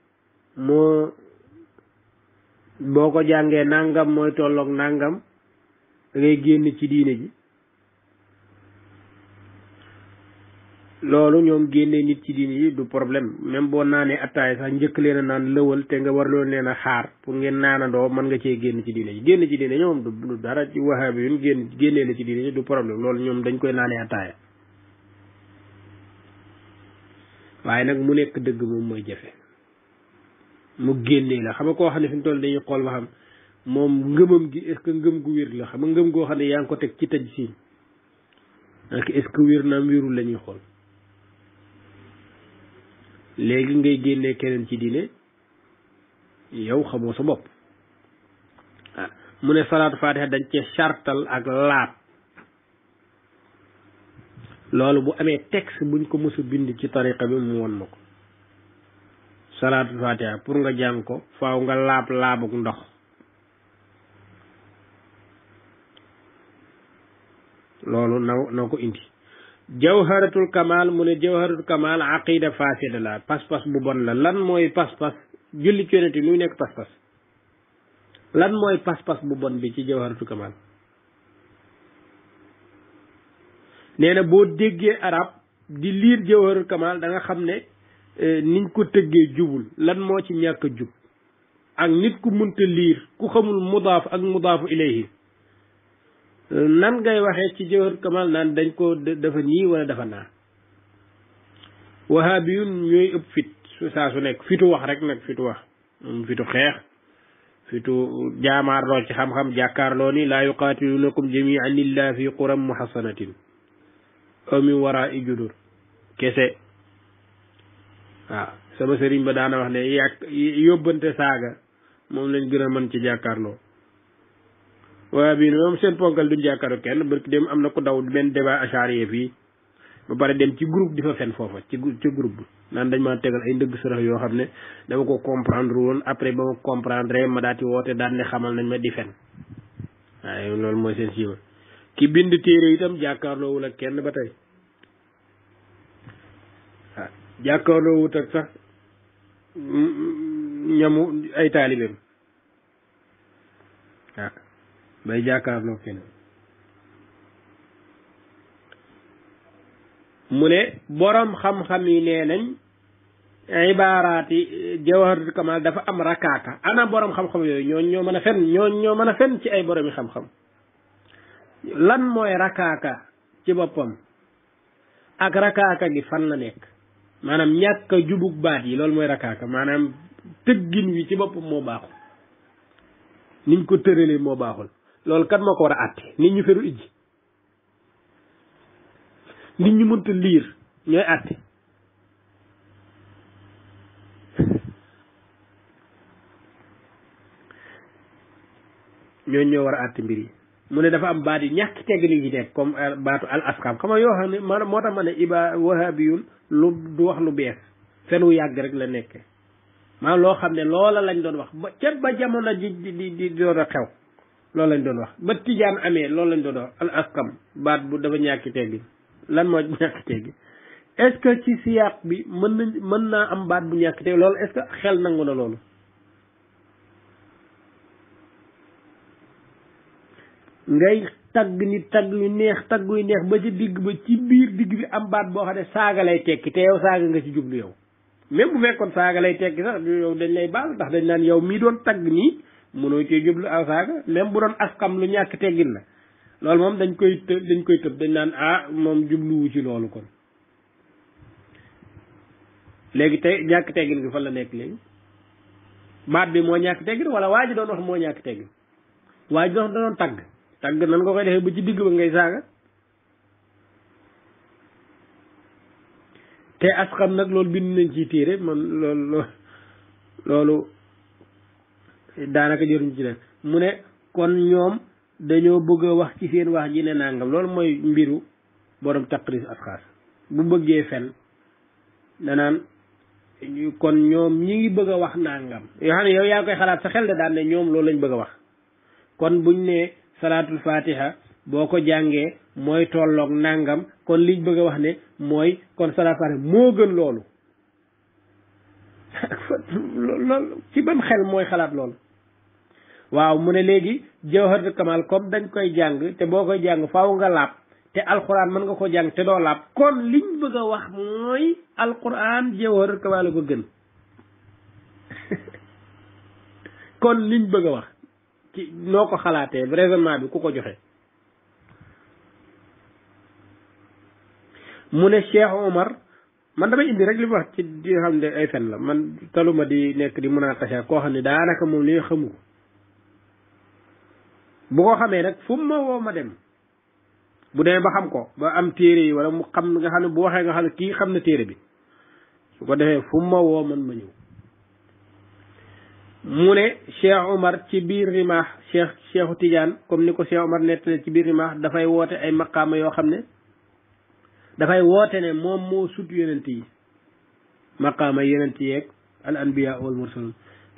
moo boo ko jàngee nangam mooy tolloog nangam da ngay génn ci diine ji loolu ñoom génnee nit ci diine ji du problème même boo naanee attaay sax njëkk leen a naan lëwal te nga war loolu leen a xaar pour ngeen naanandoo mën nga cee génn ci diine ji génn ci diine ñoom du dara ci waxaabi yun génn génnee la ci diine ji du problème loolu ñoom dañ koy naanee attaaya waaye nag mu nekk dëgg moom mooy jafe mu génnee la xam nga koo xam ne fi mu dañuy xool ba xam moom ngëmam gi est-ce que ngëm gu wér la xam nga ngëm goo xam ne yaa ngi ko teg ci tëj siiñ ak est-ce que wér wérul la ñuy xool léegi ngay génne keneen ci diine yow xamoo sa bopp ah, mu ne salaat faatiha dañ cee sartal ak laat loolu bu amee texte buñ ko mës bind ci tariqa bi mu won na ko salaatul fatiha pour nga jàng ko faaw nga laab laabuk ndox loolu na na ko indi jawharatul kamal mu ne jawharatul kamal aqida fasida la pas-pas bu bon la lan mooy pas-pas julli ci yonent nekk pas-pas lan mooy pas-pas bu bon bi ci jawharatul kamal nee na boo déggee arab di liir jawharatul kamal da nga xam ne Eh, niñ ko tëggee jubul lan moo ci ñàkk a jub ak nit ku mënta liir ku xamul mudaaf ak mudaafu ilayhi eh, nan ngay waxee ci jawhar kamal naan dañ ko dafa nii wala dafa naa wahabiyun ñooy ëpp fit saa su nekk fitu wax rek nag fitu wax mm, fitu xeex fitu jaamaarloo ci xam-xam jàkkaarloo ni laa yuqaatilunakum jamian illa fi quram muhassanatin aw min waraa i kese waaw sama sëriñ ba daana wax ne yàq yóbbante saaga moom lañ gën a mën ci jàkkaarloo waaye bii moom seen ponkal duñ jàkkaaru kenn barki dem am na ko daw benn débat achariyé fii ba pare dem ci groupe di fa foofa ci ci groupe naan dañ maa tegal ay ndëgg sërëx yoo xam ne dama ko comprendre woon après ba comprendre ma daal di woote daal ne xamal nañ ma di fen waaye loolu mooy seen siiwa ki bind téere itam jàkkaarloowul ak kenn ba tey jàkkaarloo wut ak sax ñamu ay taalibeem ah bay jàkkaarloo keneen mu ne borom xam-xam yi nee nañ ibaaraati eh, jawharatul kamal dafa am rakkaaka ana borom xam-xam yooyu ñooñ ñoo mën a fen ñooñ ñoo mën a fen ci ay boromi xam-xam lan mooy rakkaaka ci boppam ak rakkaaka gi fan la nekk maanaam ñàkk a jubug baat yi loolu mooy rakaaka maanaam tëggin wi ci boppam moo baaxul niñ ko tëralee moo baaxul loolu kat moo ko war a àtte nit ñu feru ijji nit ñu mënta liir ñooy àtte ñooñ ñoo war a àtte mbir mu ne dafa am baat yi ñàkk tegg ni ci nekk comme euh, baatu al asxaab xam yoo xam ne maanaam moo tax ma ne iba wahabiyun lu du wax lu bees fen wu yàgg rek la nekke maanaam loo xam ne loola lañ doon wax ba ca ba jamono ji di doon a xew loolu lañ doon wax ba tijaan amee loolu lañ doon wax al asxaab baat bu dafa ñàkki teggi lan moo ñàkki teggi est ce que ci siyaaq bi mën na mën naa am baat bu ñàkk teggi loolu est xel nangu na loolu ngay tagg ni tagg yu neex tagg yu neex ba ci digg ba ci biir digg bi am baat boo xam ne saaga lay tekki te yow saaga nga ci jublu yow même bu fekkoon saaga lay tekki sax dañ lay baal ndax dañ naan yow mii doon tagg nii mënoo cee jublu aw saaga même bu doon askam lu ñàkk teggin la loolu moom dañ koy dañ koy tëb dañ naan ah moom ci loolu kon léegi te ñàkk teggin gi fan la nekk baat bi moo ñàkk teggin wala waa ji doon wax moo ñàkk teggin waa ji doon doon tagg tàgg nan ko koy defee ba ci digg ba ngay saaga te as xam nag loolu bind nañ ciy téere man loolu loolu daanaka jëruñ ci def mu ne kon ñoom dañoo bëgg a wax ci seen wax ji ne nangam loolu mooy mbiru borom taqris asxaas bu bëggee fen danaan kon ñoom ñi ngi bëgg a wax nangam yoo xam ne yow yaa koy xalaat sa xel de daan ne ñoom loolu lañ bëgg a wax kon buñ ne salaatul fatiha boo ko jàngee mooy tolloog nàngam kon liñ bëgg a wax ne mooy kon salaatul fatiha moo gën loolu loolu ci ban xel mooy xalaat loolu waaw mu ne léegi jawharatul kamal kom dañ koy jàng te boo koy jàng faaw nga laab te alquran mën nga ko jàng te doo laab kon liñ bëgg a wax mooy alquran jawharatul kamal ko gën kon liñ bëgg a wax ci noo ko xalaatee raisonnement bi ku ko joxe mu ne Cheikh Omar man damay indi rek li mu wax ci di xam ne ay fen la man taluma di nekk di mën a tasa koo xam ne daanaka moom li xamu ko bu ko xamee rek fu mu ma woo ma dem bu demee ba xam ko ba am téere yi wala mu xam nga xam ne bu waxee nga xam ne kii xam na téere bi su ko defee fu mu ma woo man ma ñëw mu ne Cheikh Omar ci biir rimaax Cheikh Cheikhu Tidiane comme ni ko Cheikh Omar nettale ci biir rimaax dafay woote ay makaama yoo xam ne dafay woote ne moom moo sut yonent yi maqaama yonent yeeg al anbiya wal mursalun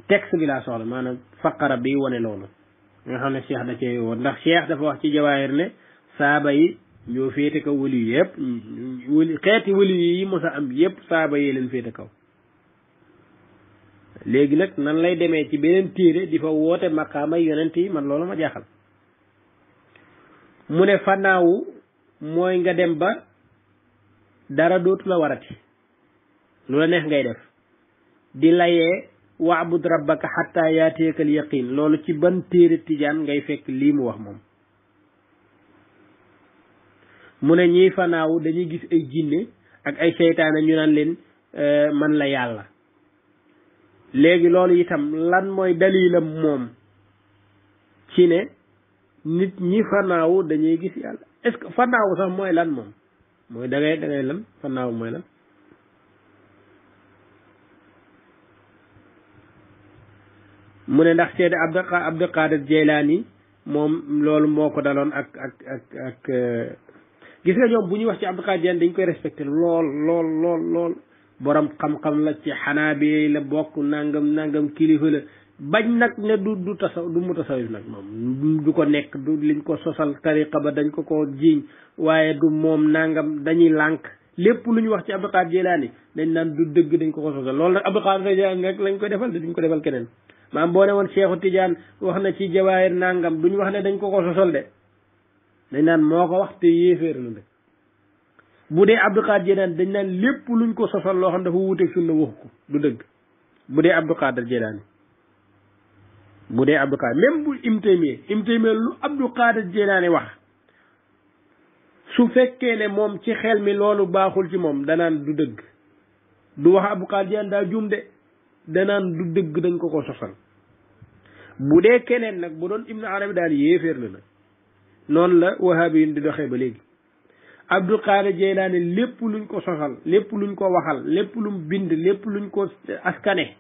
texte bi laa soxla maanaam faqara bi wane loolu nga xam ne Cheikh da cee woon ndax Cheikh dafa wax ci jawaayir ne saaba yi ñoo féete kaw wëli yu yëpp xeeti wëli yi mosa am yëpp saaba yi leen féete kaw léegi nag nan lay demee ci beneen téere di fa woote maqaamay yonent yi man loolu ma jaaxal mu ne fanaawu mooy nga dem ba dara dootu la warati lu la neex ngay def di layee waabud rabbaka xatta yaateekal yaqin loolu ci ban téere tijaan ngay fekk lii mu wax moom mu ne ñiy fanaawu dañuy gis ay jinne ak ay seytaane ñu naan leen euh, man la yàlla léegi loolu itam lan mooy dalilam moom ci ne nit ñi fanaawu dañuy gis yàlla est fanaawu sax mooy lan moom mooy da ngay da ngay lan fanaawu mooy lan mu ne ndax seede abd abdul qadir jeylaani moom loolu moo ko daloon ak ak ak euh, gis nga ñoom bu ñuy wax ci abdul qadir jeylaani dañ koy respecté lool lool lool lool borom xam-xam la ci xanaabiyey la bokk nangam nangam kilifa la bañ nag ne du du tasaw du mu tasawif nag moom du ko nekk du liñ ko sosal tariqa ba dañ ko ko jiiñ waaye du moom nangam dañuy lànk lépp lu ñu wax ci Abdul Qaadir Jilaani dañ naan du dëgg dañ ko ko sosal loolu nag Abdul Qaadir rek lañ ko defal de dañ ko defal keneen maam boo ne woon Seexu Tijaan wax na ci jawaayir nangam duñ wax ne dañ ko ko sosal de dañ naan moo ko wax te yéeféer la nag bu dee Abdou Khadre Jeylani dañ naan lépp luñ ko sosal loo xam dafa wuuteeg sunna waxu ko du dëgg bu dee Abdou Khadre Jeylani bu dee Abdou Khadre même bu Ibn Taymiyya Ibn lu Abdou Khadre wax su fekkee ne moom ci xel mi loolu baaxul ci moom danaan du dëgg du wax Abdou Khadre Jeylani daa juum de danaan du dëgg dañ ko ko sosal bu dee keneen nag bu doon Ibn Arabi daal yéeféer la nag noonu la wahaabi yi di doxee ba léegi Abdul Qadir Jeylaani lépp luñ ko soxal lépp luñ ko waxal lépp lum bind lépp luñ ko askane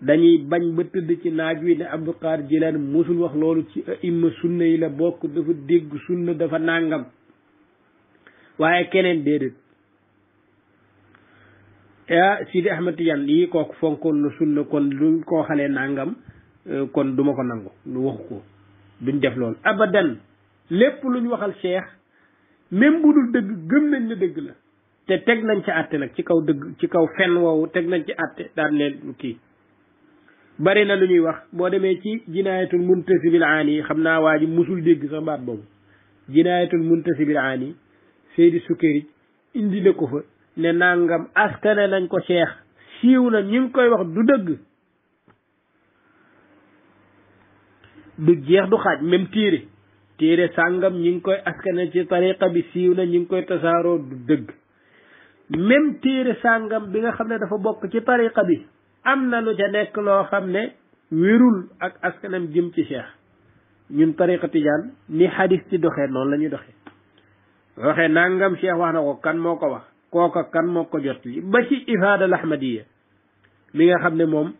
dañuy bañ ba tëdd ci naaj wi ne Abdul Qadir Jeylaani mosul wax loolu ci imma sunna yi la bokk dafa dégg sunna dafa nàngam waaye keneen déedéet ah Sidi Ahmed Tidiane yi kooku fonkoon na sunna kon luñ koo xale nàngam euh, kon duma ko nangu lu waxu ko duñ def loolu abadan lépp luñ waxal cheikh même bu dul dëgg gëm nañ ne dëgg la te teg nañ ci àtte nag ci kaw dëgg ci kaw fen woowu teg nañ ci àtte daan leen kii bari na lu ñuy wax boo demee ci jinaayatul muntasibil aani yi xam naa waa ji musul dégg sa baat boobu jinaayatul muntasibil aani yi Seydi Sukkari indi na ko fa ne nangam askane nañ ko seex siiw na ñu ngi koy wax du dëgg du jeex du xaaj même téere téere sàngam ñi ngi koy askane ci tariqa bi siiw na ñi ngi koy tasaaroo du dëgg même téere sàngam bi nga xam ne dafa bokk ci tariqa bi am na lu ca nekk loo xam ne wérul ak askanam jëm ci cheikh ñun tariqa tijaan ni xadis ci doxee noonu la ñuy doxee waxee nangam cheikh wax na ko kan moo ko wax kooka kan moo ko jot li ba ci ifaada al ahmadiya nga xam ne moom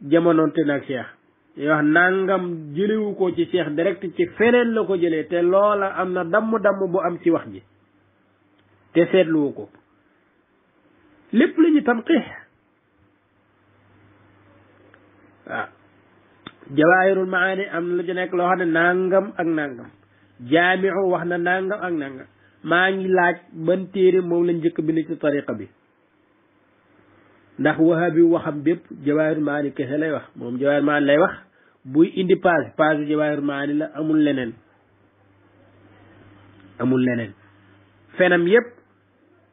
jamonoonte naag cheikh wax nangam jëlewu ko ci seex direct ci feneen la ko jëlee te loola am na damm-damm bu am ci wax ji te seetluwu ko lépp la ñu tanqix waaw jawaahirul maani am na ci nekk loo xam ne nangam ak nangam jaamiu wax na nangam ak nangam maa ngi laaj ban téere moom la njëkk bind ci tariqa bi ndax wahabi waxam bépp jawaahir maani kese lay wax moom jawaahir maani lay wax buy indi page page jawaahir maani la amul leneen amul leneen fenam yépp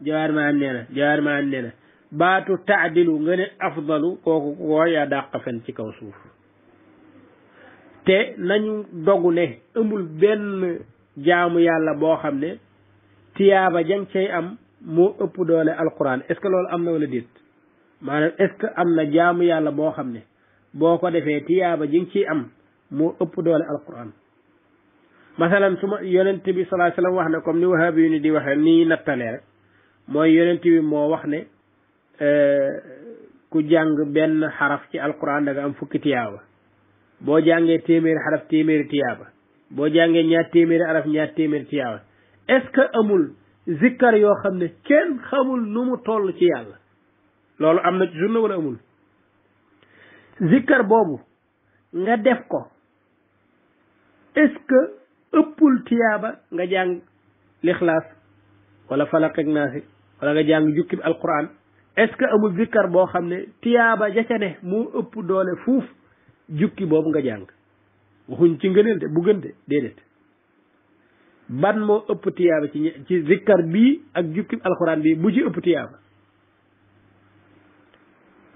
jawaahir maani nee na jawaahir maani nee baatu taadilu nga ne afdalu kooku koo yaa dàq fen ci kaw suuf te nañu dogu ne amul benn jaamu yàlla boo xam ne tiyaaba jang cay am moo ëpp doole alquran est ce que am na wala déet maanaam est ce am na jaamu yàlla boo xam ne boo ko defee tiyaaba ji nga ciy am moo ëpp doole alquran masalan su ma yonent bi salaa sallam wax ne comme ni wahabi yu ni di waxee nii nattalee rek mooy yonent bi moo wax ne ku jàng benn xaraf ci alquran da nga am fukki tiyaaba boo jàngee téeméeri xaraf téeméeri tiyaaba boo jàngee ñaar téeméeri xaraf ñaar téeméeri tiyaaba est que amul zikkar yoo xam ne kenn xamul nu mu toll ci yàlla loolu am na ci sunna wala amul zikkar boobu nga def ko est-ce que tiyaaba nga jàng lixlaas wala falaq ak naasi wala nga jàng jukki bi alquran est-ce que amul zikkar boo xam ne tiyaaba jaca ne moo ëpp doole fuuf jukki boobu nga jàng waxuñ ci ngëneel te bu gënte déedéet ban moo ëpp tiyaaba ci zikkar bii ak jukki alquran bii bu ci ëpp tiyaaba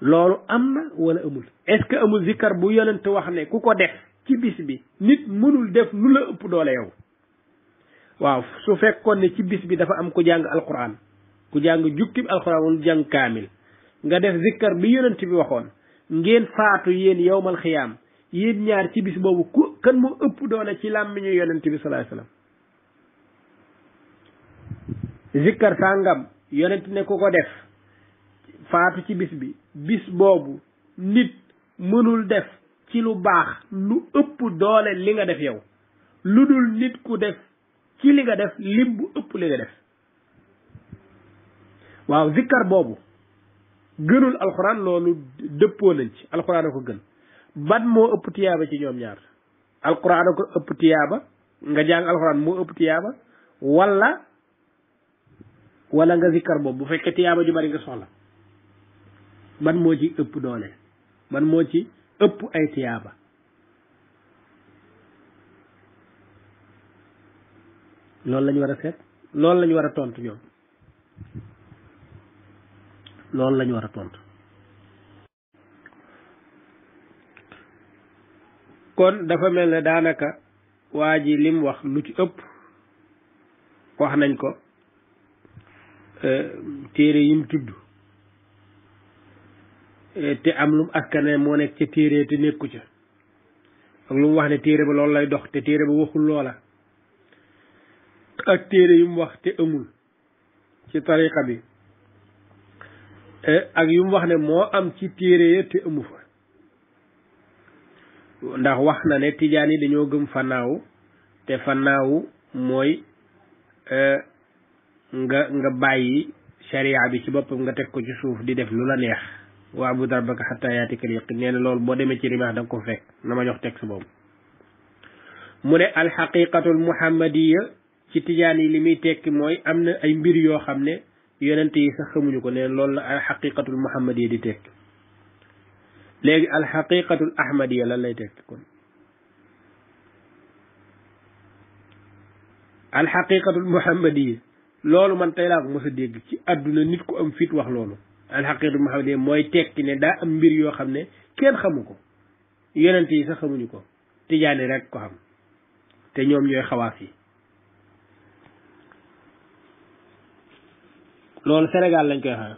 loolu am na wala amul est-ce que amul zikkar bu yonent wax ne ku ko def ci bis bi nit mënul def lu la ëpp doole yow waaw su fekkoon ne ci bis bi dafa am ku jàng alquran ku jàng jukkib alquran wala jàng kaamil nga def zikkar bi yonent bi waxoon ngeen faatu yéen yowmal xiyaam yéen ñaar ci bis boobu ku kan moo ëpp doole ci làmmiñu yonent bi salaay salaam zikkar sàngam yonent ne ku ko def faatu ci bis bi bis boobu nit mënul def ci lu baax lu ëpp doole li nga def yow lu dul nit ku def ci li nga def lim bu ëpp li nga def waaw zikkar boobu gënul alxuraan loolu dëppoo nañ ci alxuraan a gën ban moo ëpp tiyaaba ci ñoom ñaar alxuraan a ko ëpp tiyaaba nga jàng alxuraan mu ëpp tiyaaba wala wala nga zikkar boobu bu fekkee tiyaaba ju yi nga soxla man moo ci ëpp doole man moo ci ëpp ay tiyaaba loolu lañu war a seet loolu lañu war a tontu ñoom loolu lañu war a tontu kon dafa mel ne daanaka waa ji lim wax lu ci ëpp wax nañ ko euh, téere yim tudd Eh, te am lum askane moo nekk ca téere te nekku ca ak lu mu wax ne téere ba loolu lay dox te téere ba waxul loola ak téere yu mu wax te amul ci tariqa bi eh, ak yu mu wax ne moo am ci téere fa ndax wax na ne tiijaan yi dañoo gëm fannaaw te fannaaw mooy eh, nga nga bàyyi sharia bi ci boppam nga teg ko ci suuf di def lu la neex bu waabud rabbaka xataa yaatikal yaqin nee na loolu boo demee ci rimaax da ko fekk na ma jox texte boobu mu ne alxaqiqatul muhammadiya ci tijaan yi li muy tekki mooy am na ay mbir yoo xam ne yonent yi xamuñu ko ne na loolu la alxaqiqatul muhammadiya di tekki léegi alxaqiqatul ahmadiya lan lay tekki kon alxaqiqatul muhammadiya loolu man tey laa ko mos a dégg ci àdduna nit ku am fit wax loolu alxaqiqatu muhammadiyya mooy tekki ne daa am mbir yoo xam ne kenn xamu ko yonent yi sax xamuñu ko yi rek ko xam te ñoom ñooy xawaas yi loolu senegal lañ koy xam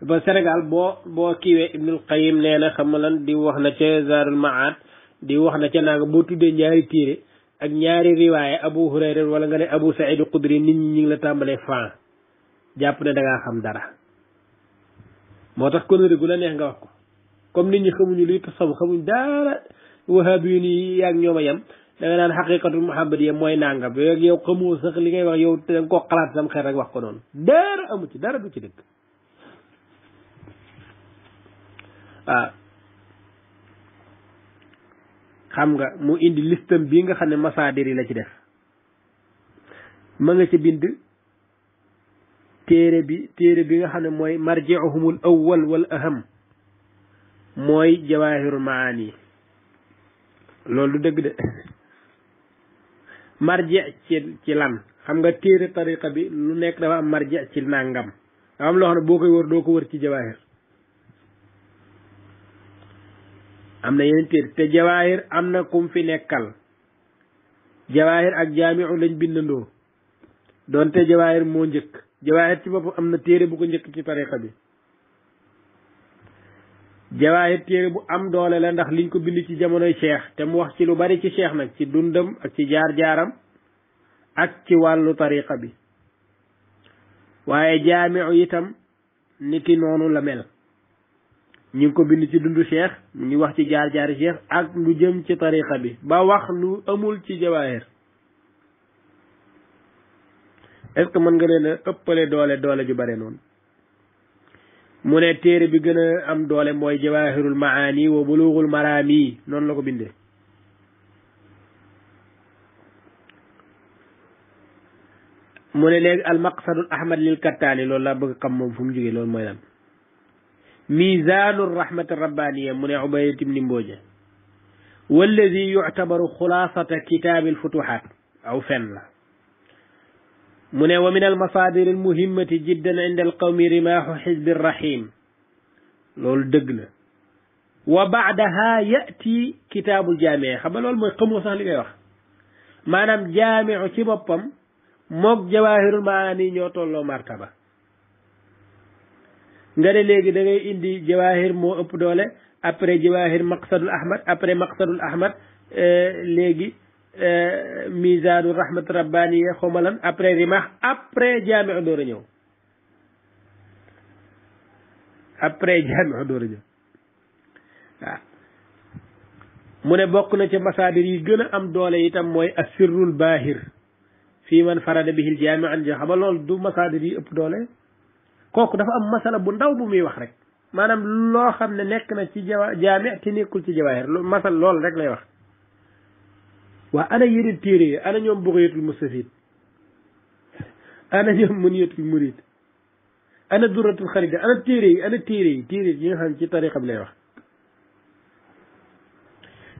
ba Sénégal boo boo kiiwee Ibnul Qayyim nee na xam lan di wax na ca Zaarul Maad di wax na ca naanga boo tuddee ñaari téere ak ñaari riwaaye Abu Hurayra wala nga ne Abu Saïd Xudri nit ñi ngi la tàmbalee fan jàpp ne da ngaa xam dara moo tax kóllëre gu la neex nga wax ko comme nit ñi xamuñu luy tasawuf xamuñ dara wahaabi yu ni yaag ñoom a yem da nga naan xaqiqatul mooy nangam yow yow li ngay wax yow da nga rek wax ko noonu dara amu ci dara du ci dëgg waaw ah. xam nga mu indi listam bii nga xam ne masaadir yi la ci def ma nga ci bind téere bi téere bi nga xam ne mooy marji'uhumul awwal wal aham mooy jawaahirul maani loolu du dëgg de marje ci lan xam nga téere tariqa bi lu nekk dafa am marje ci nàngam dafa am loo xam ne boo koy wër doo ko wër ci jawaahir am na yeneen téere te jawaahir am na kum fi nekkal jawaahir ak jaamiu lañ bindandoo doonte jawaahir moo njëkk jawaahir ci boppam am na téere bu ko njëkk ci tariqa bi jawaahir téere bu am doole la ndax liñ ko bind ci jamonoy cheikh te mu wax ci lu bari ci cheikh nag ci dundam ak ci jaar-jaaram ak ci wàllu tariqa bi waaye jaamiu itam nit niki noonu la mel ñu ngi ko bind ci dund cheikh mu ngi wax ci jaar-jaari cheikh ak lu jëm ci tariqa bi ba wax lu amul ci jawaahir est-ce que mën nga leen a ëppale doole doole ju bare noonu mu ne téere bi gën a am doole mooy jawaahirul maani wa buluugul maraami noonu la ko bindee mu ne léegi al maqsadul ahmad lil kattaani loolu laa bëgg xam moom fu mu jógee loolu mooy lan mizaanur rahmati rabbaaniya mu ne ubayat ibni mbooje walladi yuctabaru xulaasata kitaabil futuhaat aw fen la mu ne wa min al masaadir al muhimmati jiddan inda al qawmi rimaaxu xizbi rahim loolu dëgg la wa baadaha yati kitaabul jaamee xam nga loolu mooy xamoo sax li ngay wax maanaam jaamee ci boppam moog jawaahirul maani ñoo tolloo martaba nga ne léegi da ngay indi jawaahir moo ëpp doole après jawaahir maqsadul ahmad après maqsadul ahmad euh, léegi Euh, misaanu rahmat rabbaniya xomalan après rimaax après jaamiu door a ñëw après jaamiu door a ñëw waaw mu ne bokk na ca masaadir yi gën a am doole itam mooy asirrul baahir fii man farada bihil jaami an jo xam nga lool du masaadir yi ëpp doole kooku dafa am masala bu ndaw bu muy wax rek maanaam loo xam ne nekk na ci jawa jaami te nekkul ci jawaahir masal loolu rek lay wax waa ana yeneen téere yi ana ñoom buxyatul mustafid ana ñoom muniyatul murid ana duratul xarida ana téere yi ana téere yi téere yi nga xam ci tariqam lay wax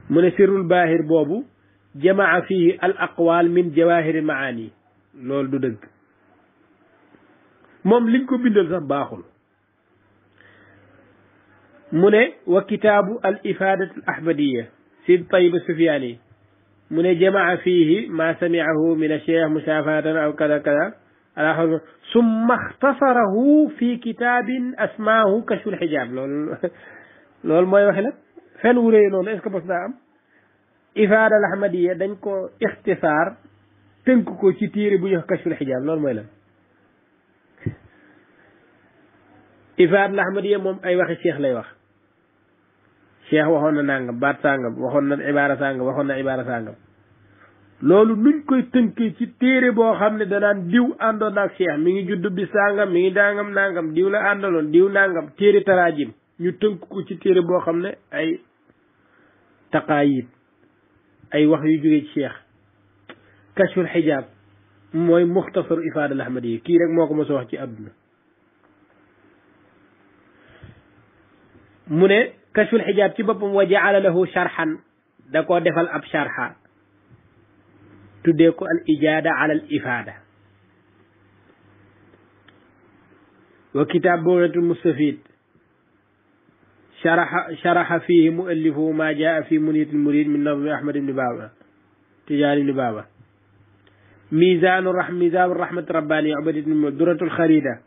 mu ne sirrul baahir boobu jamaa fihi al aqwaal min jawaahiri maani loolu du dëgg moom liñ ko bindal sax baaxul mu ne wa kitaabu al ifaadat al ahmadiya sid tayiba sufiyaani mu ne jamaa fiihi ma samiahu min acheikh musaafatan aw kada kada ala xaw summa xtasarahu fi kitaabin asmaahu kashful xijaab loolu loolu mooy waxi nag fenn wu rëy noonu est-ce que bos naa am ifaada al ahmadiya dañ ko ixtisaar tënk ko ci téere bu ñuy wax kashful xijaab loolu mooy lan ifaada al ahmadiya moom ay waxi cheikh lay wax cheikh waxoon na nangam baat sàngam waxoon na ibaara sàngam waxoon na ibaara sàngam loolu luñ koy tënkee ci téere boo xam ne danaan diw àndoon ak cheikh mi ngi judd bi sàngam mi ngi dangam nangam diw la àndaloon diw nangam téere taraajim ñu tënk ko ci téere boo xam ne ay taqaayit ay wax yu jóge ci cheikh kashful xijaab mooy muxtasaru ifaada al yi kii rek moo ko mos a wax ci àdduna mu ne kashful xijaab ci boppam wa jaala lahu sharxan da koo defal ab sharxa tuddee ko al ijaada ala al ifaada wa kitaab bughyatul mustafid sharaxa sharaxa fiihi muallifu ma jaa fi muniyatil murid min nazmi ahmad ibni baaba tijaani ibni baaba misaanu ra misaanu rahmat rabbani abad ibni duratul xarida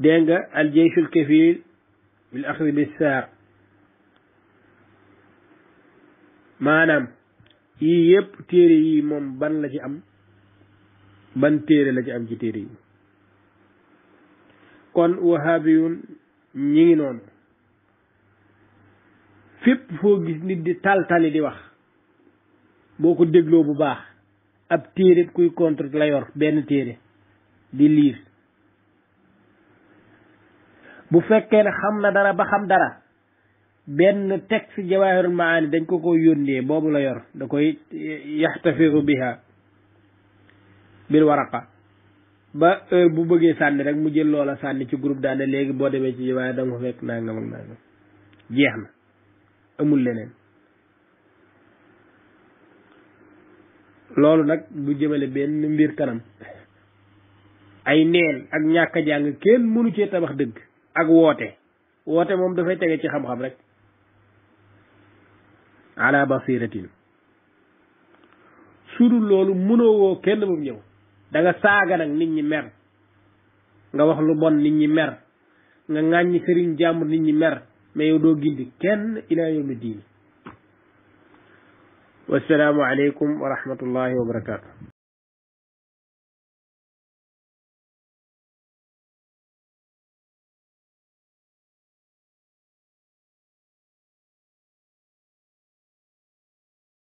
dégg nga al jeyshul kafir bil axdi bi maanaam yii yépp téere yi moom ban la ci am ban téere la ci am ci téere yi kon wahabiyun ñi ngi noonu fépp foo gis nit di taltali di wax boo ko dégloo bu baax ab téere kuy contre la yor benn téere di liir bu fekkee ne xam na dara ba xam dara benn texte jawaahirul maani dañ ko ko yónnee boobu la yor da koy yaxtafiru biha bil waraqa ba heure bu bëggee sànni rek mu jël loola sànni ci groupe daane léegi boo demee ci jawaahir da nga ko fekk nangam ak jeex na amul leneen loolu nag du jëmale benn mbir kanam ay neen ak ñàkk a jàng kenn mënu cee tabax dëgg ak woote woote moom dafay tege ci xam-xam rek ala basiratin sudul loolu mënoo woo kenn moom ñëw da saaga nag nit ñi mer nga wax lu bon nit ñi mer nga ŋàññi sëriñ jàmbur nit ñi mer mais yow doo gindi kenn ila yawmi diini wassalaamu aleykum wa rahmatullahi